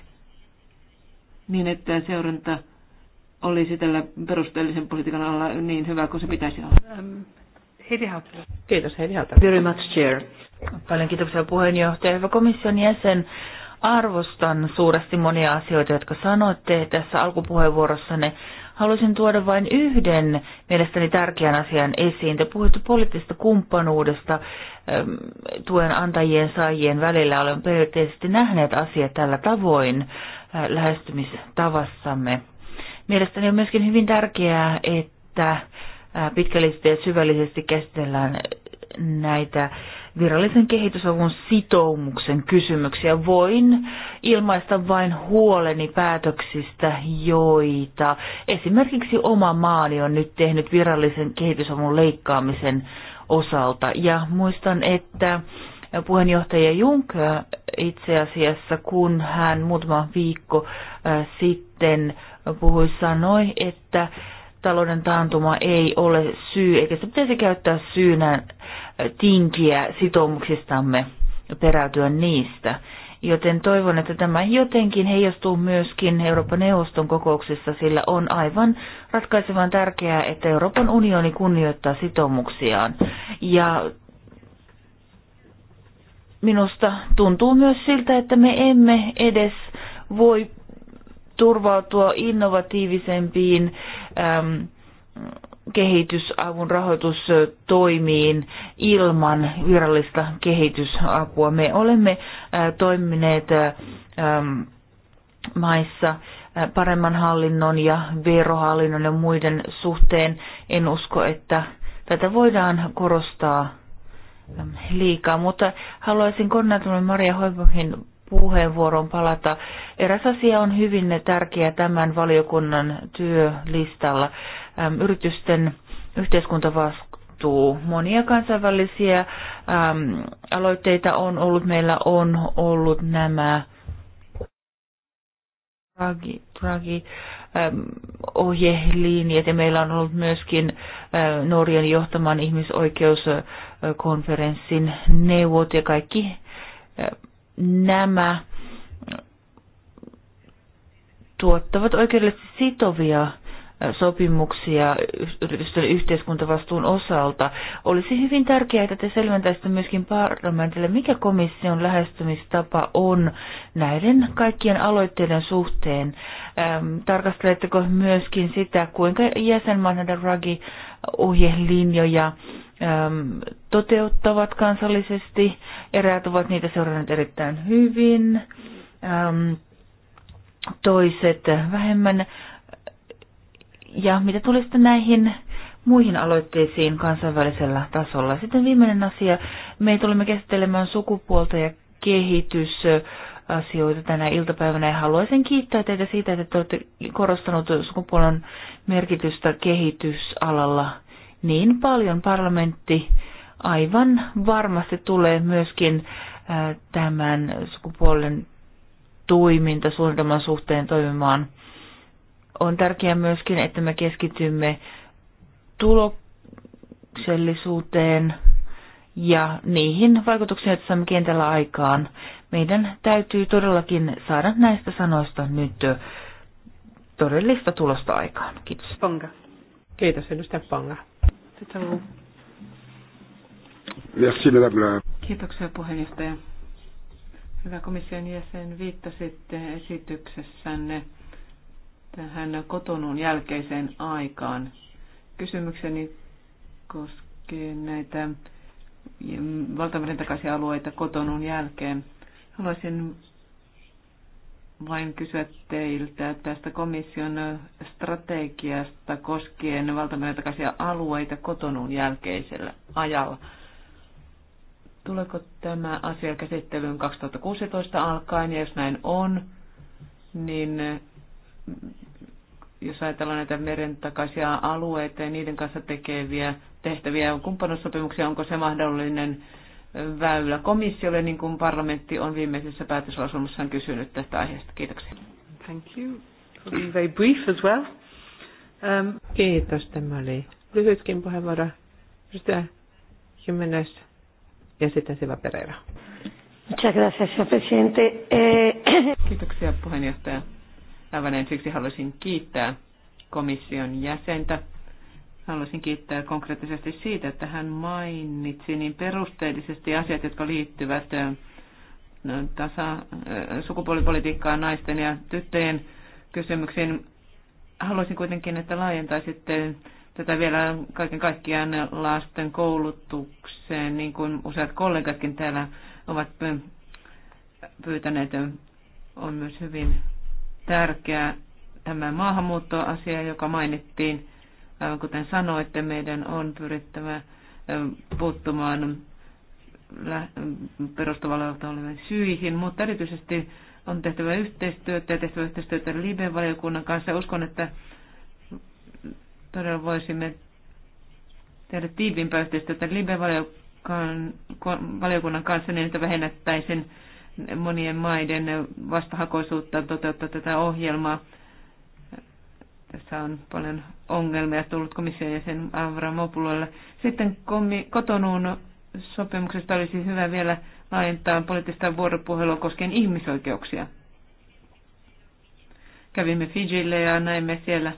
niin, että seuranta olisi tällä perusteellisen politiikan alla niin hyvä kuin se pitäisi olla. Ähm, Heidi Hautala. Kiitos Heidi Hautala. Very much chair. Paljon kiitoksia puheenjohtaja. Hyvä komission jäsen. Arvostan suuresti monia asioita, jotka sanoitte tässä alkupuheenvuorossanne. Haluaisin tuoda vain yhden mielestäni tärkeän asian esiin. Te puhuitte poliittisesta kumppanuudesta ähm, tuen antajien saajien välillä. Olen perinteisesti nähneet asiat tällä tavoin lähestymistavassamme. Mielestäni on myöskin hyvin tärkeää, että pitkällisesti ja syvällisesti käsitellään näitä virallisen kehitysavun sitoumuksen kysymyksiä. Voin ilmaista vain huoleni päätöksistä, joita esimerkiksi oma maani on nyt tehnyt virallisen kehitysavun leikkaamisen osalta. Ja muistan, että puheenjohtaja Juncker itse asiassa, kun hän muutama viikko sitten puhui, sanoi, että talouden taantuma ei ole syy, eikä se pitäisi käyttää syynä tinkiä sitoumuksistamme ja peräytyä niistä. Joten toivon, että tämä jotenkin heijastuu myöskin Euroopan neuvoston kokouksissa, sillä on aivan ratkaisevan tärkeää, että Euroopan unioni kunnioittaa sitoumuksiaan. Ja minusta tuntuu myös siltä, että me emme edes voi turvautua innovatiivisempiin äm, kehitysavun rahoitustoimiin ilman virallista kehitysapua. Me olemme äh, toimineet ä, maissa paremman hallinnon ja verohallinnon ja muiden suhteen. En usko, että tätä voidaan korostaa liikaa, mutta haluaisin konnatunut Maria Hoivohin puheenvuoron palata. Eräs asia on hyvin tärkeä tämän valiokunnan työlistalla. Yritysten yhteiskuntavastuu. Monia kansainvälisiä aloitteita on ollut. Meillä on ollut nämä Draghi, Draghi Ähm, ohjelinjat ja meillä on ollut myöskin äh, Norjan johtaman ihmisoikeuskonferenssin neuvot ja kaikki äh, nämä tuottavat oikeudellisesti sitovia sopimuksia yritysten yhteiskuntavastuun osalta. Olisi hyvin tärkeää, että te selventäisitte myöskin parlamentille, mikä komission lähestymistapa on näiden kaikkien aloitteiden suhteen. Ähm, tarkasteletteko myöskin sitä, kuinka jäsenmaat näiden RAGI-ohjelinjoja ähm, toteuttavat kansallisesti. Eräät ovat niitä seuranneet erittäin hyvin, ähm, toiset vähemmän ja mitä tuli sitten näihin muihin aloitteisiin kansainvälisellä tasolla? Sitten viimeinen asia. Me tulemme käsittelemään sukupuolta ja kehitys asioita tänä iltapäivänä ja haluaisin kiittää teitä siitä, että te olette korostanut sukupuolen merkitystä kehitysalalla niin paljon. Parlamentti aivan varmasti tulee myöskin tämän sukupuolen toimintasuunnitelman suhteen toimimaan on tärkeää myöskin, että me keskitymme tuloksellisuuteen ja niihin vaikutuksiin, joita saamme kentällä aikaan. Meidän täytyy todellakin saada näistä sanoista nyt todellista tulosta aikaan. Kiitos. Panga. Kiitos, edustaja Panga. Merci, madame. Kiitoksia puheenjohtaja. Hyvä komission jäsen, viittasitte esityksessänne tähän kotonun jälkeiseen aikaan. Kysymykseni koskee näitä valtameren takaisia alueita kotonun jälkeen. Haluaisin vain kysyä teiltä tästä komission strategiasta koskien valtameren takaisia alueita kotonun jälkeisellä ajalla. Tuleeko tämä asia käsittelyyn 2016 alkaen ja jos näin on, niin jos ajatellaan näitä meren takaisia alueita ja niiden kanssa tekeviä tehtäviä on kumppanuussopimuksia, onko se mahdollinen väylä komissiolle, niin kuin parlamentti on viimeisessä päätöslausunnossaan kysynyt tästä aiheesta. Kiitoksia. Thank you. very brief as well. Um, Kiitos, tämä oli lyhytkin puheenvuoro. Sitä Jimenez ja sitten Siva Pereira. Muchas gracias, señor presidente. Eh, Kiitoksia puheenjohtaja Aivan ensiksi haluaisin kiittää komission jäsentä. Haluaisin kiittää konkreettisesti siitä, että hän mainitsi niin perusteellisesti asiat, jotka liittyvät no, tasa, sukupuolipolitiikkaan naisten ja tyttöjen kysymyksiin. Haluaisin kuitenkin, että laajentaisitte tätä vielä kaiken kaikkiaan lasten koulutukseen, niin kuin useat kollegatkin täällä ovat pyytäneet, on myös hyvin tärkeä tämä maahanmuuttoasia, joka mainittiin. Aivan kuten sanoitte, meidän on pyrittävä puuttumaan perustavalta oleviin syihin, mutta erityisesti on tehtävä yhteistyötä ja tehtävä yhteistyötä Libe-valiokunnan kanssa. Uskon, että todella voisimme tehdä tiiviimpää yhteistyötä Libe-valiokunnan kanssa niin, että vähennettäisiin monien maiden vastahakoisuutta toteuttaa tätä ohjelmaa. Tässä on paljon ongelmia tullut komission jäsen Avramopulolle. Sitten kotonuun sopimuksesta olisi hyvä vielä laajentaa poliittista vuoropuhelua koskien ihmisoikeuksia. Kävimme Fijille ja näimme siellä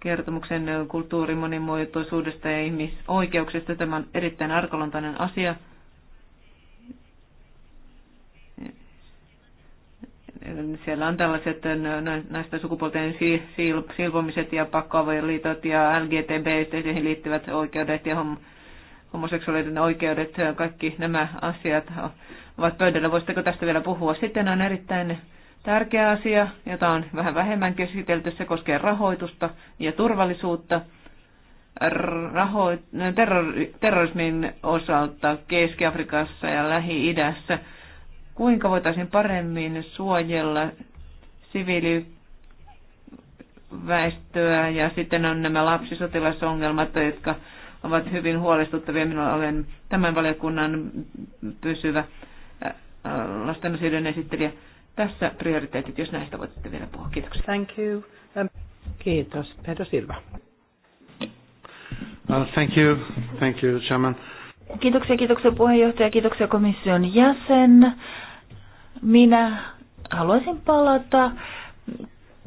kertomuksen kulttuurin monimuotoisuudesta ja ihmisoikeuksista. Tämä on erittäin arkalontainen asia – Siellä on tällaiset näistä sukupuolten silpomiset ja pakkoavioliitot ja LGTB, siihen liittyvät oikeudet ja homoseksuaalinen oikeudet, kaikki nämä asiat ovat pöydällä. Voisitteko tästä vielä puhua? Sitten on erittäin tärkeä asia, jota on vähän vähemmän käsitelty. Se koskee rahoitusta ja turvallisuutta. Raho- terror- terrorismin osalta Keski-Afrikassa ja Lähi-idässä kuinka voitaisiin paremmin suojella siviiliväestöä ja sitten on nämä lapsisotilasongelmat, jotka ovat hyvin huolestuttavia. Minä olen tämän valiokunnan pysyvä äh, lasten asioiden esittelijä. Tässä prioriteetit, jos näistä voitte vielä puhua. Kiitoksia. Thank you. Um, Kiitos. Pedro Silva. Uh, thank you. Thank you, Chairman. Kiitoksia, kiitoksia puheenjohtaja, kiitoksia komission jäsen. Minä haluaisin palata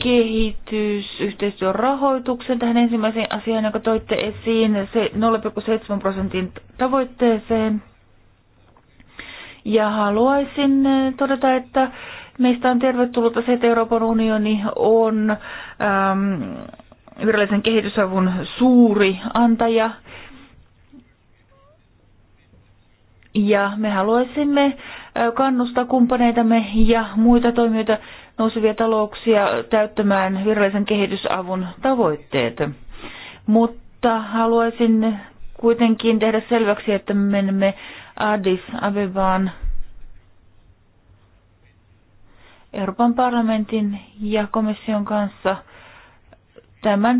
kehitysyhteistyön rahoituksen tähän ensimmäiseen asiaan, jonka toitte esiin, se 0,7 prosentin tavoitteeseen. Ja haluaisin eh, todeta, että meistä on tervetullutta se, että Euroopan unioni on äm, virallisen kehitysavun suuri antaja. Ja me haluaisimme kannustaa kumppaneitamme ja muita toimijoita nousevia talouksia täyttämään virallisen kehitysavun tavoitteet. Mutta haluaisin kuitenkin tehdä selväksi, että me menemme Addis Abebaan Euroopan parlamentin ja komission kanssa tämän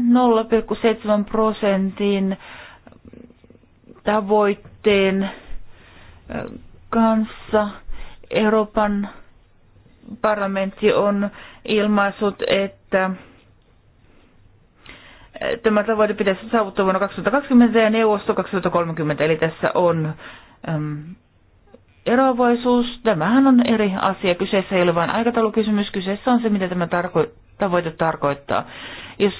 0,7 prosentin tavoitteen kanssa. Euroopan parlamentti on ilmaissut, että tämä tavoite pitäisi saavuttaa vuonna 2020 ja neuvosto 2030, eli tässä on äm, eroavaisuus. Tämähän on eri asia. Kyseessä ei ole vain aikataulukysymys, kyseessä on se, mitä tämä tarko- tavoite tarkoittaa. Jos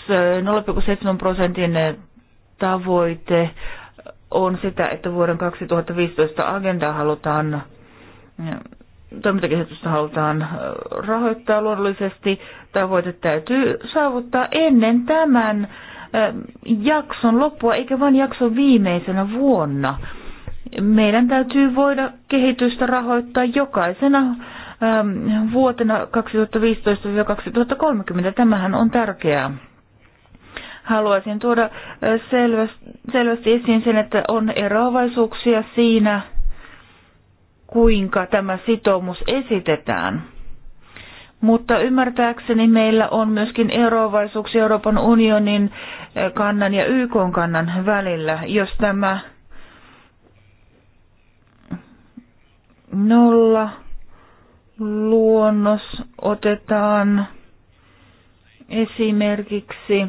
0,7 äh, prosentin äh, tavoite on sitä, että vuoden 2015 agendaa halutaan, toimintakehitystä halutaan rahoittaa luonnollisesti. Tavoite täytyy saavuttaa ennen tämän eh, jakson loppua, eikä vain jakson viimeisenä vuonna. Meidän täytyy voida kehitystä rahoittaa jokaisena eh, vuotena 2015-2030. Tämähän on tärkeää. Haluaisin tuoda selvästi esiin sen, että on eroavaisuuksia siinä, kuinka tämä sitoumus esitetään. Mutta ymmärtääkseni meillä on myöskin eroavaisuuksia Euroopan unionin kannan ja YK kannan välillä, jos tämä nolla luonnos otetaan esimerkiksi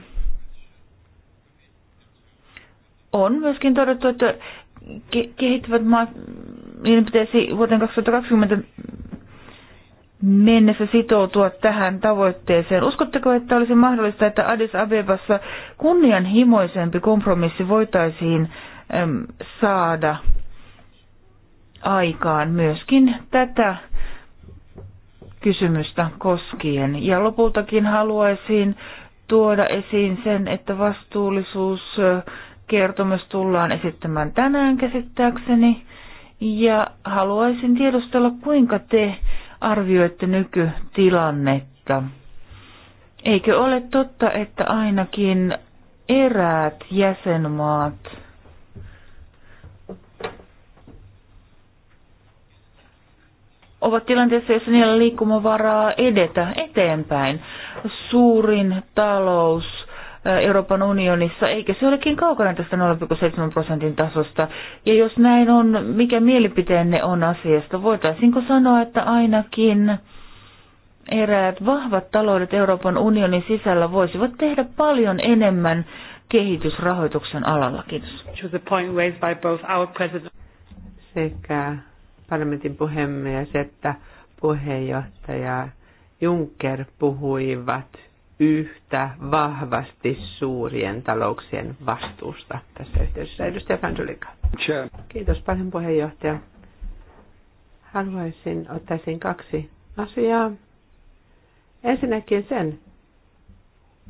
on myöskin todettu, että kehittyvät maat, niiden pitäisi vuoteen 2020 mennessä sitoutua tähän tavoitteeseen. Uskotteko, että olisi mahdollista, että Addis Abebassa kunnianhimoisempi kompromissi voitaisiin äm, saada aikaan myöskin tätä kysymystä koskien? Ja lopultakin haluaisin tuoda esiin sen, että vastuullisuus kertomus tullaan esittämään tänään käsittääkseni. Ja haluaisin tiedustella, kuinka te arvioitte nykytilannetta. Eikö ole totta, että ainakin eräät jäsenmaat ovat tilanteessa, jossa niillä liikkumavaraa edetä eteenpäin. Suurin talous Euroopan unionissa, eikä se olekin kaukana tästä 0,7 prosentin tasosta. Ja jos näin on, mikä mielipiteenne on asiasta? Voitaisinko sanoa, että ainakin eräät vahvat taloudet Euroopan unionin sisällä voisivat tehdä paljon enemmän kehitysrahoituksen alalla? Kiitos. Sekä parlamentin puhemies että puheenjohtaja Juncker puhuivat yhtä vahvasti suurien talouksien vastuusta tässä yhteydessä. Edustaja Fandulika. Kiitos paljon puheenjohtaja. Haluaisin, ottaisin kaksi asiaa. Ensinnäkin sen,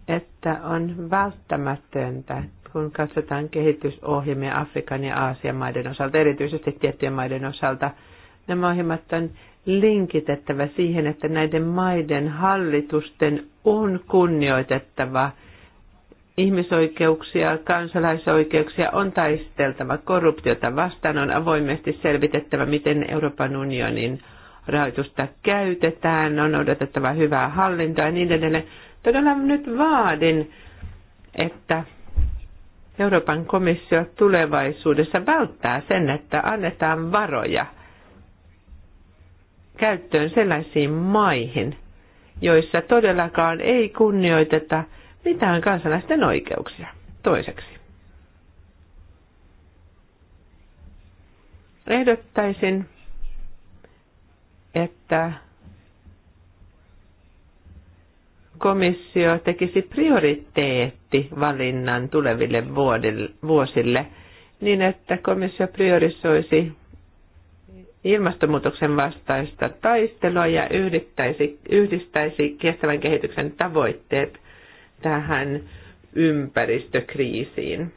että on välttämätöntä, kun katsotaan kehitysohjelmia Afrikan ja Aasian maiden osalta, erityisesti tiettyjen maiden osalta, nämä ohjelmat on linkitettävä siihen, että näiden maiden hallitusten on kunnioitettava ihmisoikeuksia, kansalaisoikeuksia, on taisteltava korruptiota vastaan, on avoimesti selvitettävä, miten Euroopan unionin rahoitusta käytetään, on odotettava hyvää hallintoa ja niin edelleen. Todella nyt vaadin, että Euroopan komissio tulevaisuudessa välttää sen, että annetaan varoja – käyttöön sellaisiin maihin, joissa todellakaan ei kunnioiteta mitään kansalaisten oikeuksia toiseksi. Ehdottaisin, että komissio tekisi prioriteettivalinnan tuleville vuosille niin, että komissio priorisoisi ilmastonmuutoksen vastaista taistelua ja yhdistäisi, yhdistäisi kestävän kehityksen tavoitteet tähän ympäristökriisiin.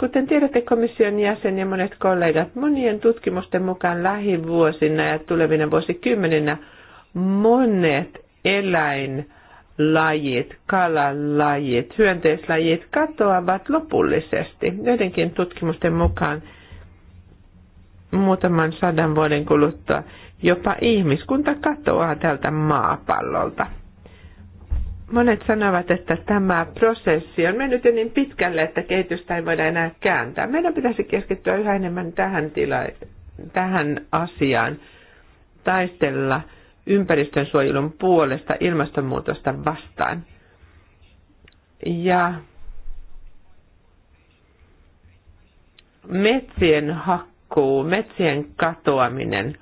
Kuten tiedätte komission jäsen ja monet kollegat, monien tutkimusten mukaan lähivuosina ja tulevina vuosikymmeninä monet eläinlajit, kalalajit, hyönteislajit katoavat lopullisesti. Joidenkin tutkimusten mukaan muutaman sadan vuoden kuluttua jopa ihmiskunta katoaa tältä maapallolta. Monet sanovat, että tämä prosessi on mennyt jo niin pitkälle, että kehitystä ei voida enää kääntää. Meidän pitäisi keskittyä yhä enemmän tähän, tila- tähän asiaan, taistella ympäristönsuojelun puolesta ilmastonmuutosta vastaan. Ja metsien hakkuu jatkuu. metsien katoaminen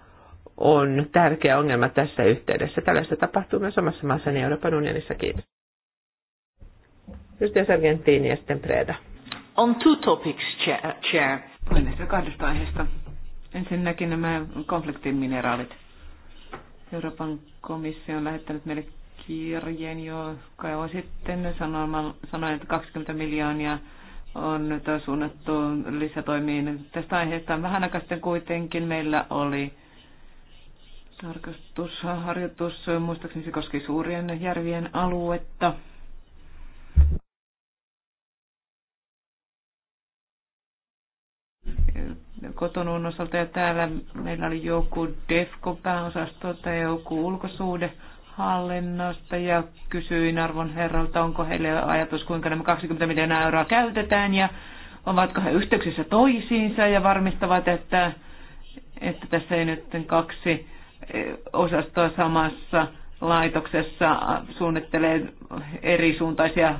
on tärkeä ongelma tässä yhteydessä. Tällaista tapahtuu myös omassa niin Euroopan unionissa. Kiitos. Just Argentiini ja sitten Preda. On two topics, chair. chair. kahdesta aiheesta. Ensinnäkin nämä konfliktin mineraalit. Euroopan komissio on lähettänyt meille kirjeen jo kauan sitten sanoin että 20 miljoonia on nyt suunnattu lisätoimiin. Tästä aiheesta vähän aikaa sitten kuitenkin meillä oli tarkastusharjoitus, muistaakseni se koski suurien järvien aluetta. kotonuun osalta ja täällä meillä oli joku DEFCO-pääosasto tai joku ulkosuhde hallinnosta ja kysyin arvon herralta, onko heille ajatus, kuinka nämä 20 miljoonaa euroa käytetään ja ovatko he yhteyksissä toisiinsa ja varmistavat, että, että tässä ei nyt kaksi e, osastoa samassa laitoksessa suunnittelee eri suuntaisia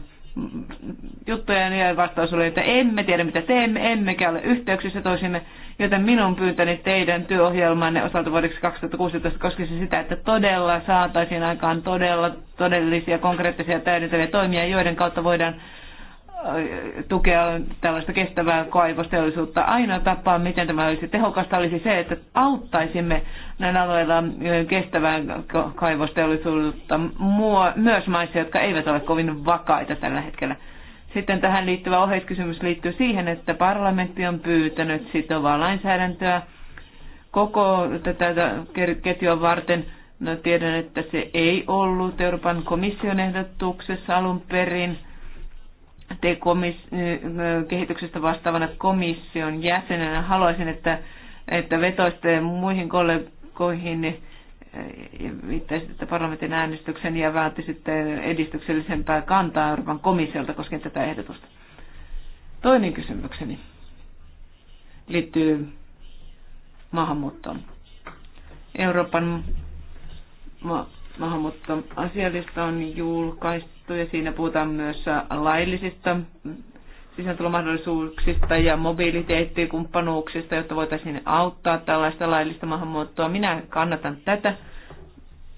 juttuja ja vastaus oli, että emme tiedä mitä teemme, emmekä ole yhteyksissä toisimme, joten minun pyyntäni teidän työohjelmanne osalta vuodeksi 2016 koskisi sitä, että todella saataisiin aikaan todella todellisia konkreettisia täydentäviä toimia, joiden kautta voidaan tukea tällaista kestävää kaivosteollisuutta. Ainoa tapa, miten tämä olisi tehokasta, olisi se, että auttaisimme näillä alueilla kestävää kaivosteollisuutta myös maissa, jotka eivät ole kovin vakaita tällä hetkellä. Sitten tähän liittyvä oheiskysymys liittyy siihen, että parlamentti on pyytänyt sitovaa lainsäädäntöä koko tätä ketjua varten. No, tiedän, että se ei ollut Euroopan komission ehdotuksessa alun perin kehityksestä vastaavana komission jäsenenä haluaisin, että, että vetoisitte muihin kollegoihin että viittaisitte parlamentin äänestyksen ja välttisitte edistyksellisempää kantaa Euroopan komissiolta koskien tätä ehdotusta. Toinen kysymykseni liittyy maahanmuuttoon. Euroopan ma- maahanmuuttoasiallista on julkaistu julkaistu ja siinä puhutaan myös laillisista sisääntulomahdollisuuksista ja mobiiliteettikumppanuuksista, jotta voitaisiin auttaa tällaista laillista maahanmuuttoa. Minä kannatan tätä,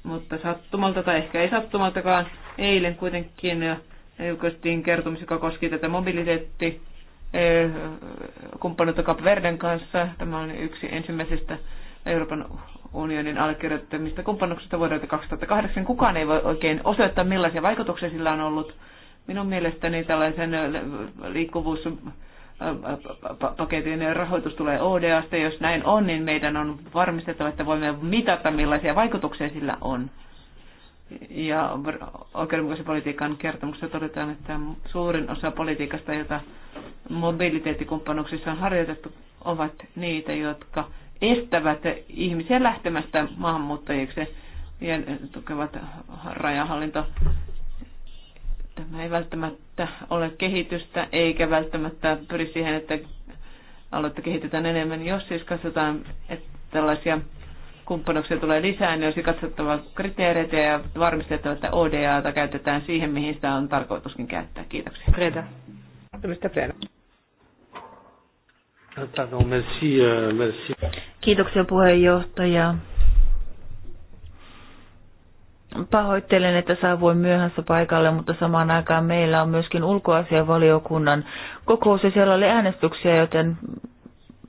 mutta sattumalta tai ehkä ei sattumaltakaan eilen kuitenkin julkaistiin kertomus, joka koski tätä mobiliteetti eh, kumppanuutta kapverden kanssa. Tämä on yksi ensimmäisistä Euroopan unionin allekirjoittamista kumppanuksista vuodelta 2008. Kukaan ei voi oikein osoittaa, millaisia vaikutuksia sillä on ollut. Minun mielestäni tällaisen liikkuvuuspaketin rahoitus tulee ODAsta. Jos näin on, niin meidän on varmistettava, että voimme mitata, millaisia vaikutuksia sillä on. Ja oikeudenmukaisen politiikan kertomuksessa todetaan, että suurin osa politiikasta, jota mobiliteettikumppanuksissa on harjoitettu, ovat niitä, jotka estävät ihmisiä lähtemästä maahanmuuttajiksi ja tukevat rajahallinto. Tämä ei välttämättä ole kehitystä, eikä välttämättä pyri siihen, että aloitte kehitetään enemmän. Jos siis katsotaan, että tällaisia kumppanuksia tulee lisää, niin olisi katsottava kriteereitä ja varmistettava, että ODAta käytetään siihen, mihin sitä on tarkoituskin käyttää. Kiitoksia. Preda. Mr. Preda. Ah, euh, Kiitoksia puheenjohtaja. Pahoittelen, että saavuin myöhässä paikalle, mutta samaan aikaan meillä on myöskin ulkoasianvaliokunnan kokous ja siellä oli äänestyksiä, joten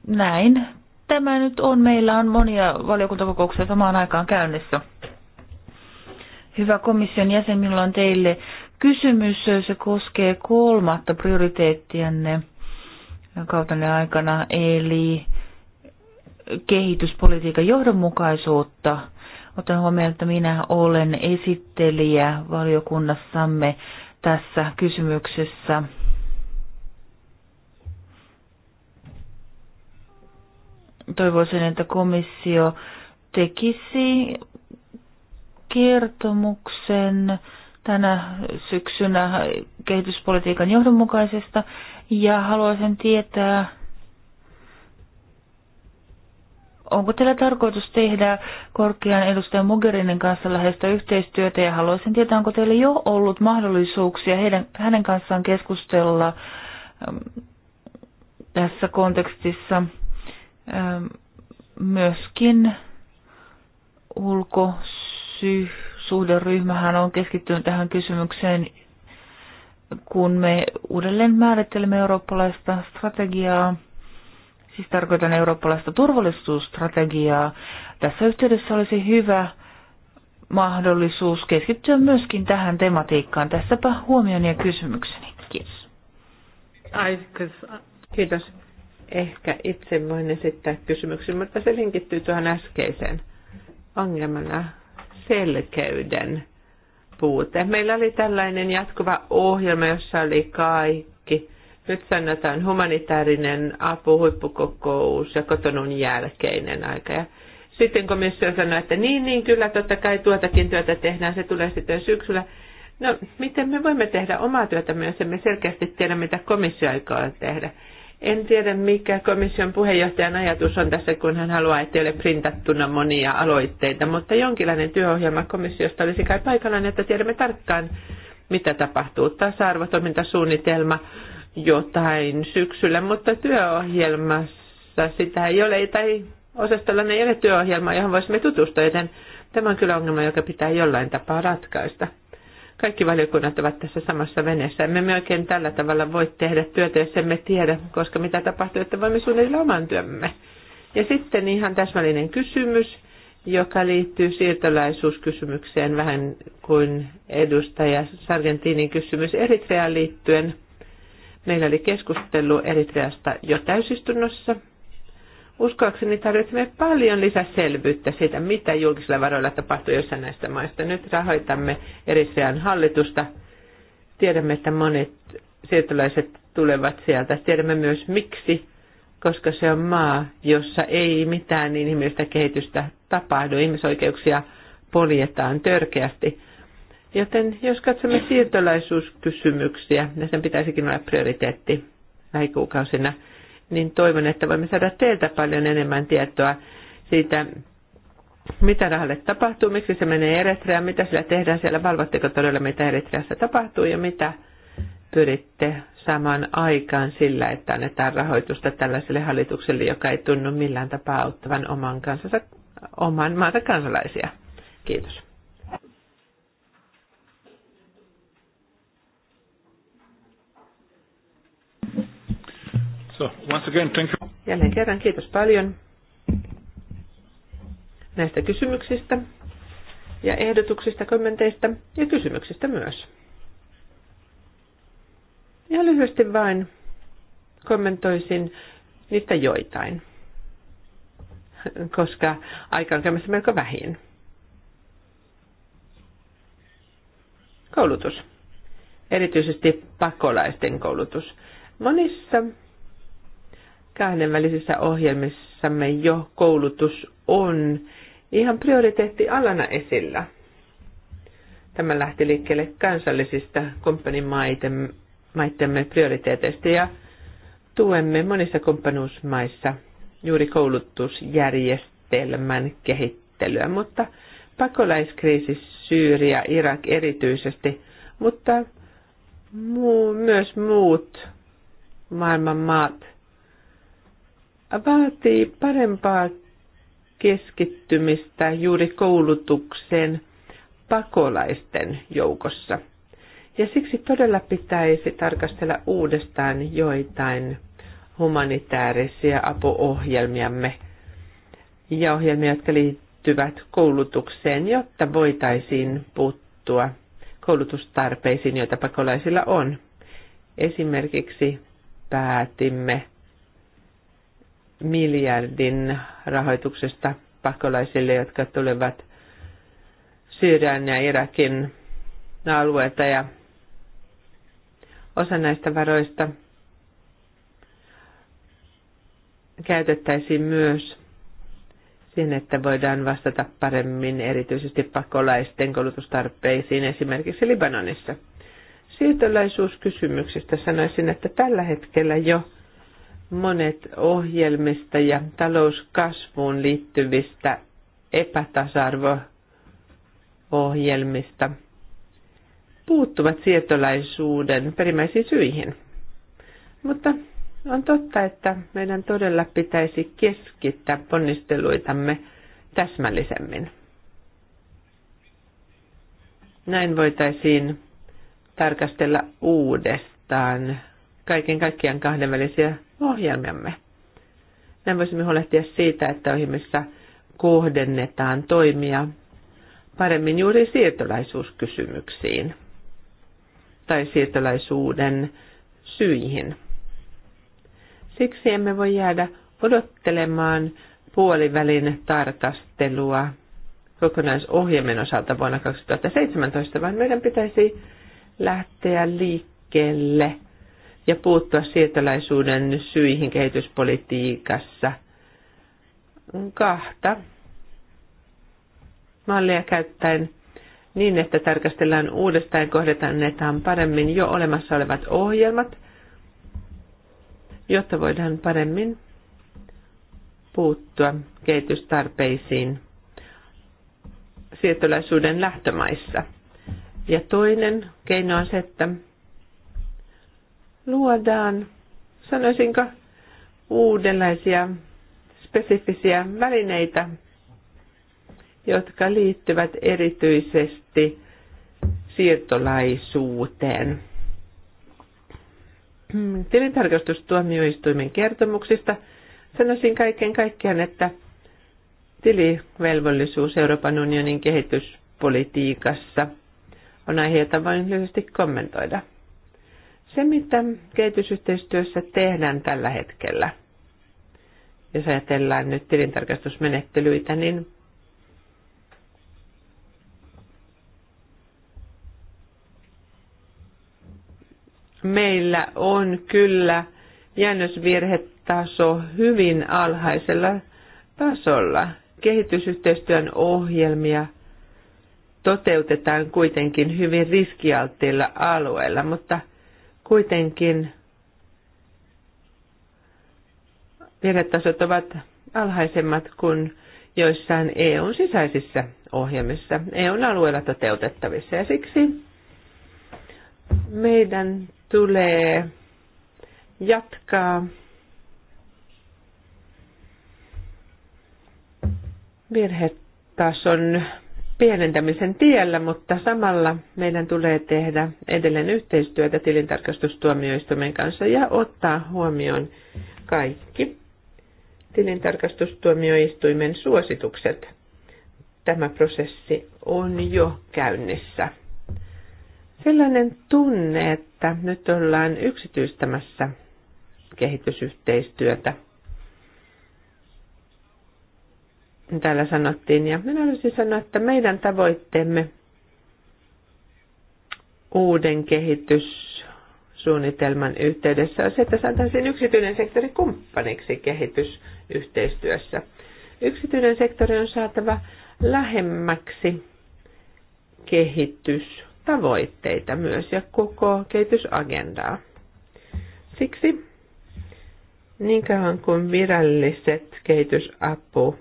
näin tämä nyt on. Meillä on monia valiokuntakokouksia samaan aikaan käynnissä. Hyvä komission jäsen, minulla on teille kysymys. Se koskee kolmatta prioriteettianne kautenne aikana, eli kehityspolitiikan johdonmukaisuutta. Otan huomioon, että minä olen esittelijä valiokunnassamme tässä kysymyksessä. Toivoisin, että komissio tekisi kertomuksen tänä syksynä kehityspolitiikan johdonmukaisesta ja haluaisin tietää, onko teillä tarkoitus tehdä korkean edustajan Mogherinin kanssa läheistä yhteistyötä ja haluaisin tietää, onko teillä jo ollut mahdollisuuksia heidän, hänen kanssaan keskustella äm, tässä kontekstissa äm, myöskin ulkosuhderyhmähän on keskittynyt tähän kysymykseen kun me uudelleen määrittelemme eurooppalaista strategiaa, siis tarkoitan eurooppalaista turvallisuusstrategiaa, tässä yhteydessä olisi hyvä mahdollisuus keskittyä myöskin tähän tematiikkaan. Tässäpä huomioon ja kysymykseni. Kiitos. Kiitos. Ehkä itse voin esittää kysymyksen, mutta se linkittyy tuohon äskeiseen ongelmana selkeyden puute. Meillä oli tällainen jatkuva ohjelma, jossa oli kaikki. Nyt sanotaan humanitaarinen apu, huippukokous ja kotonun jälkeinen aika. Ja sitten komissio sanoi, että niin, niin, kyllä, totta kai tuotakin työtä tehdään, se tulee sitten syksyllä. No, miten me voimme tehdä omaa työtä myös, emme selkeästi tiedä, mitä komissio aikoo tehdä. En tiedä, mikä komission puheenjohtajan ajatus on tässä, kun hän haluaa, että ei ole printattuna monia aloitteita, mutta jonkinlainen työohjelma komissiosta olisi kai paikallaan, että tiedämme tarkkaan, mitä tapahtuu. Tasa-arvotoimintasuunnitelma jotain syksyllä, mutta työohjelmassa sitä ei ole, tai osastolla ei ole työohjelmaa, johon voisimme tutustua, joten tämä on kyllä ongelma, joka pitää jollain tapaa ratkaista. Kaikki valiokunnat ovat tässä samassa veneessä. Emme me oikein tällä tavalla voi tehdä työtä, jos emme tiedä, koska mitä tapahtuu, että voimme suunnitella oman työmme. Ja sitten ihan täsmällinen kysymys, joka liittyy siirtolaisuuskysymykseen, vähän kuin edustaja Sargentinin kysymys Eritreaan liittyen. Meillä oli keskustelu Eritreasta jo täysistunnossa Uskoakseni tarvitsemme paljon lisäselvyyttä siitä, mitä julkisilla varoilla tapahtuu jossain näistä maista. Nyt rahoitamme Eritrean hallitusta. Tiedämme, että monet siirtolaiset tulevat sieltä. Tiedämme myös miksi, koska se on maa, jossa ei mitään niin ihmistä kehitystä tapahdu. Ihmisoikeuksia poljetaan törkeästi. Joten jos katsomme siirtolaisuuskysymyksiä, ja niin sen pitäisikin olla prioriteetti lähikuukausina – niin toivon, että voimme saada teiltä paljon enemmän tietoa siitä, mitä rahalle tapahtuu, miksi se menee Eritreaan, mitä sillä tehdään siellä, valvotteko todella, mitä Eritreassa tapahtuu ja mitä pyritte saamaan aikaan sillä, että annetaan rahoitusta tällaiselle hallitukselle, joka ei tunnu millään tapaa auttavan oman, kansansa, oman maata kansalaisia. Kiitos. So, once again, thank you. Jälleen kerran kiitos paljon näistä kysymyksistä ja ehdotuksista, kommenteista ja kysymyksistä myös. Ja lyhyesti vain kommentoisin niistä joitain, koska aika on käymässä melko vähin. Koulutus. Erityisesti pakolaisten koulutus. Monissa kahdenvälisissä ohjelmissamme jo koulutus on ihan prioriteettialana esillä. Tämä lähti liikkeelle kansallisista kumppanimaitemme prioriteeteista ja tuemme monissa kumppanuusmaissa juuri koulutusjärjestelmän kehittelyä, mutta pakolaiskriisi Syyria, Irak erityisesti, mutta muu, myös muut maailman maat – vaatii parempaa keskittymistä juuri koulutukseen pakolaisten joukossa. Ja siksi todella pitäisi tarkastella uudestaan joitain humanitaarisia apuohjelmiamme ja ohjelmia, jotka liittyvät koulutukseen, jotta voitaisiin puuttua koulutustarpeisiin, joita pakolaisilla on. Esimerkiksi päätimme miljardin rahoituksesta pakolaisille, jotka tulevat Syyrian ja Irakin alueelta ja osa näistä varoista käytettäisiin myös siihen, että voidaan vastata paremmin erityisesti pakolaisten koulutustarpeisiin esimerkiksi Libanonissa. Siirtolaisuuskysymyksistä sanoisin, että tällä hetkellä jo monet ohjelmista ja talouskasvuun liittyvistä epätasarvo ohjelmista puuttuvat sietolaisuuden perimmäisiin syihin. Mutta on totta, että meidän todella pitäisi keskittää ponnisteluitamme täsmällisemmin. Näin voitaisiin tarkastella uudestaan kaiken kaikkiaan kahdenvälisiä ohjelmiamme. Me voisimme huolehtia siitä, että ohjelmissa kohdennetaan toimia paremmin juuri siirtolaisuuskysymyksiin tai siirtolaisuuden syihin. Siksi emme voi jäädä odottelemaan puolivälin tarkastelua kokonaisohjelmien osalta vuonna 2017, vaan meidän pitäisi lähteä liikkeelle ja puuttua siirtolaisuuden syihin kehityspolitiikassa. Kahta mallia käyttäen niin, että tarkastellaan uudestaan kohdetaan paremmin jo olemassa olevat ohjelmat, jotta voidaan paremmin puuttua kehitystarpeisiin siirtolaisuuden lähtömaissa. Ja toinen keino on se, että luodaan, sanoisinko, uudenlaisia spesifisiä välineitä, jotka liittyvät erityisesti siirtolaisuuteen. Tilintarkastustuomioistuimen kertomuksista sanoisin kaiken kaikkiaan, että tilivelvollisuus Euroopan unionin kehityspolitiikassa on aihe, jota voin lyhyesti kommentoida. Se, mitä kehitysyhteistyössä tehdään tällä hetkellä, jos ajatellaan nyt tilintarkastusmenettelyitä, niin meillä on kyllä jäännösvirhetaso hyvin alhaisella tasolla. Kehitysyhteistyön ohjelmia toteutetaan kuitenkin hyvin riskialttiilla alueella, mutta – Kuitenkin virhetasot ovat alhaisemmat kuin joissain EUn sisäisissä ohjelmissa, EUn alueella toteutettavissa. Ja siksi meidän tulee jatkaa virhetason pienentämisen tiellä, mutta samalla meidän tulee tehdä edelleen yhteistyötä tilintarkastustuomioistuimen kanssa ja ottaa huomioon kaikki tilintarkastustuomioistuimen suositukset. Tämä prosessi on jo käynnissä. Sellainen tunne, että nyt ollaan yksityistämässä kehitysyhteistyötä – täällä sanottiin. Ja minä olisin sanoa, että meidän tavoitteemme uuden kehityssuunnitelman yhteydessä on se, että saataisiin yksityinen sektori kumppaniksi kehitysyhteistyössä. Yksityinen sektori on saatava lähemmäksi kehitystavoitteita myös ja koko kehitysagendaa. Siksi niin kauan kuin viralliset kehitysapu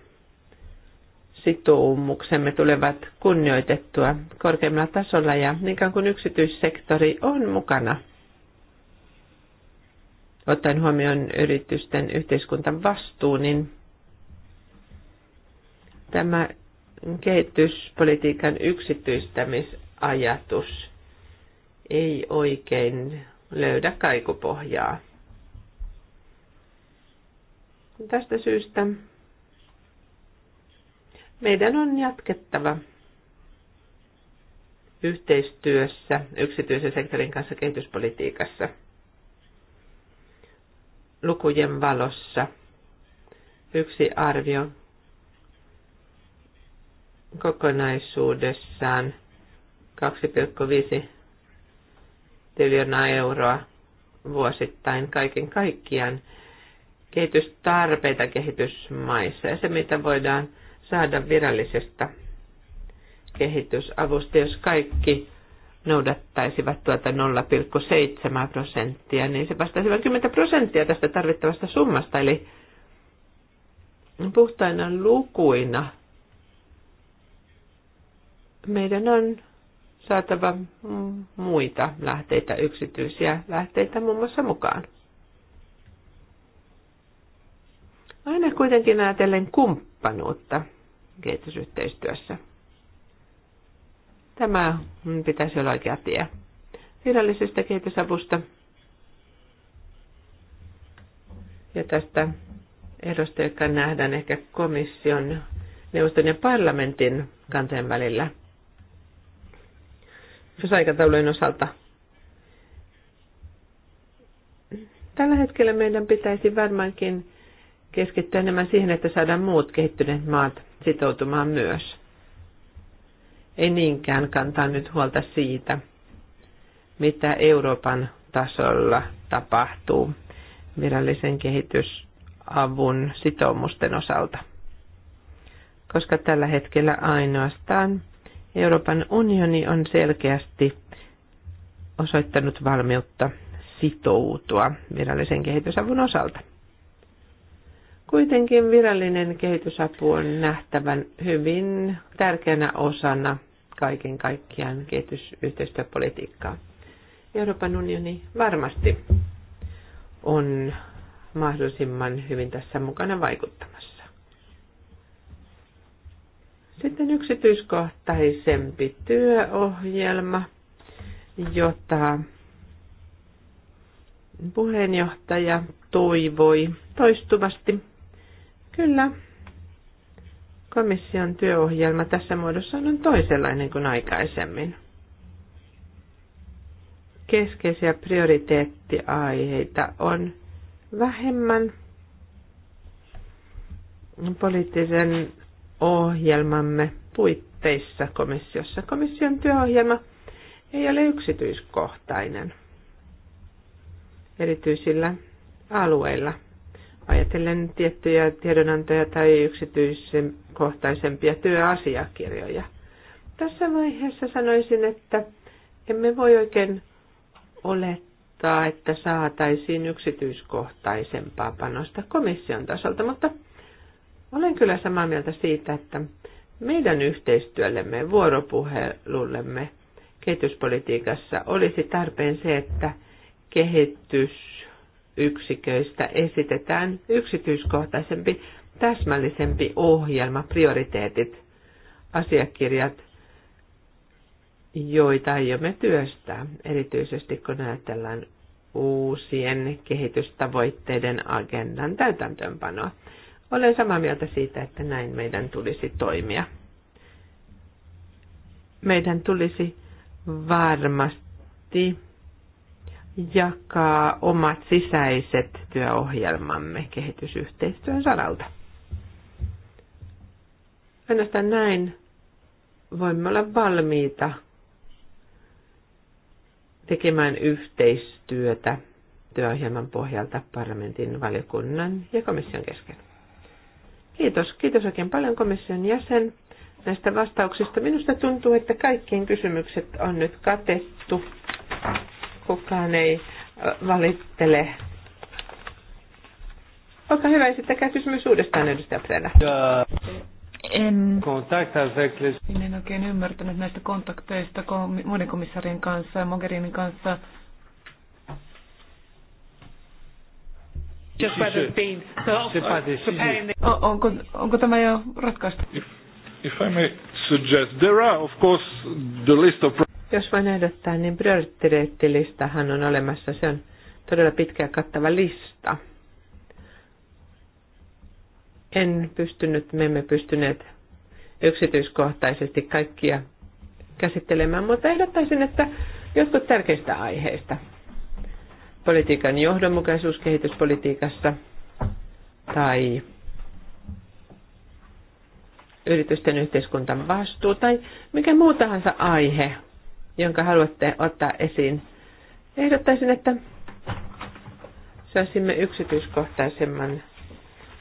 sitoumuksemme tulevat kunnioitettua korkeimmalla tasolla ja niinkään kuin yksityissektori on mukana, ottaen huomioon yritysten yhteiskuntan vastuu, niin tämä kehityspolitiikan yksityistämisajatus ei oikein löydä kaikupohjaa. Tästä syystä meidän on jatkettava yhteistyössä yksityisen sektorin kanssa kehityspolitiikassa lukujen valossa. Yksi arvio kokonaisuudessaan 2,5 miljoonaa euroa vuosittain kaiken kaikkiaan kehitystarpeita kehitysmaissa. Ja se, mitä voidaan saada virallisesta kehitysavusta, jos kaikki noudattaisivat tuota 0,7 prosenttia, niin se vastaisi vain prosenttia tästä tarvittavasta summasta. Eli puhtaina lukuina meidän on saatava muita lähteitä, yksityisiä lähteitä muun muassa mukaan. Aina kuitenkin ajatellen kumppanuutta – kehitysyhteistyössä. Tämä pitäisi olla oikea tie. Virallisesta kehitysavusta ja tästä ehdosta, joka nähdään ehkä komission, neuvoston ja parlamentin kanteen välillä. Jos aikataulujen osalta tällä hetkellä meidän pitäisi varmaankin keskittyä enemmän siihen, että saadaan muut kehittyneet maat sitoutumaan myös. Ei niinkään kantaa nyt huolta siitä, mitä Euroopan tasolla tapahtuu virallisen kehitysavun sitoumusten osalta. Koska tällä hetkellä ainoastaan Euroopan unioni on selkeästi osoittanut valmiutta sitoutua virallisen kehitysavun osalta. Kuitenkin virallinen kehitysapu on nähtävän hyvin tärkeänä osana kaiken kaikkiaan kehitysyhteistyöpolitiikkaa. Euroopan unioni varmasti on mahdollisimman hyvin tässä mukana vaikuttamassa. Sitten yksityiskohtaisempi työohjelma, jota puheenjohtaja toivoi toistuvasti Kyllä. Komission työohjelma tässä muodossa on toisenlainen kuin aikaisemmin. Keskeisiä prioriteettiaiheita on vähemmän poliittisen ohjelmamme puitteissa komissiossa. Komission työohjelma ei ole yksityiskohtainen erityisillä alueilla – ajatellen tiettyjä tiedonantoja tai yksityiskohtaisempia työasiakirjoja. Tässä vaiheessa sanoisin, että emme voi oikein olettaa, että saataisiin yksityiskohtaisempaa panosta komission tasolta, mutta olen kyllä samaa mieltä siitä, että meidän yhteistyöllemme, vuoropuhelullemme kehityspolitiikassa olisi tarpeen se, että kehitys yksiköistä esitetään yksityiskohtaisempi, täsmällisempi ohjelma, prioriteetit, asiakirjat, joita aiomme työstää, erityisesti kun ajatellaan uusien kehitystavoitteiden agendan täytäntöönpanoa. Olen samaa mieltä siitä, että näin meidän tulisi toimia. Meidän tulisi varmasti jakaa omat sisäiset työohjelmamme kehitysyhteistyön saralta. Ainoastaan näin voimme olla valmiita tekemään yhteistyötä työohjelman pohjalta parlamentin valiokunnan ja komission kesken. Kiitos. Kiitos oikein paljon komission jäsen näistä vastauksista. Minusta tuntuu, että kaikkien kysymykset on nyt katettu kukaan ei valittele. Olkaa hyvä, esittäkää kysymys uudestaan, edustaja Prenä. En, en en oikein ymmärtänyt näistä kontakteista muiden komissarien kanssa ja Mogherinin kanssa. Uh, onko, onko tämä jo ratkaistu? if I may suggest, there are of course the list of jos voin ehdottaa, niin prioriteettilistahan on olemassa. Se on todella pitkä ja kattava lista. En pystynyt, me emme pystyneet yksityiskohtaisesti kaikkia käsittelemään, mutta ehdottaisin, että jotkut tärkeistä aiheista. Politiikan johdonmukaisuus kehityspolitiikassa tai yritysten yhteiskuntan vastuu tai mikä muu tahansa aihe jonka haluatte ottaa esiin. Ehdottaisin, että saisimme yksityiskohtaisemman,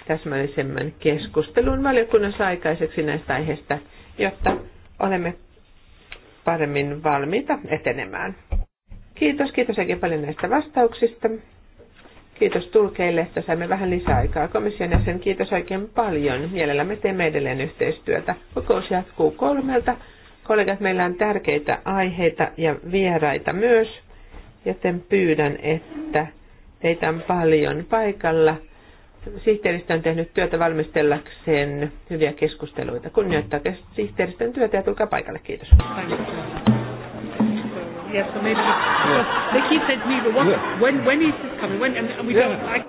täsmällisemmän keskustelun valiokunnassa aikaiseksi näistä aiheista, jotta olemme paremmin valmiita etenemään. Kiitos, kiitos oikein paljon näistä vastauksista. Kiitos tulkeille, että saimme vähän lisäaikaa komission jäsen. Kiitos oikein paljon. Mielellämme teemme edelleen yhteistyötä. Kokous jatkuu kolmelta. Kollegat, meillä on tärkeitä aiheita ja vieraita myös, joten pyydän, että teitä on paljon paikalla. Sihteeristö on tehnyt työtä valmistellakseen hyviä keskusteluita. Kunnioittaa sihteeristön työtä ja tulkaa paikalle. Kiitos. Yes, so maybe yeah. they keep saying to me, but what, yeah. when when is this coming? When and we yeah. don't. I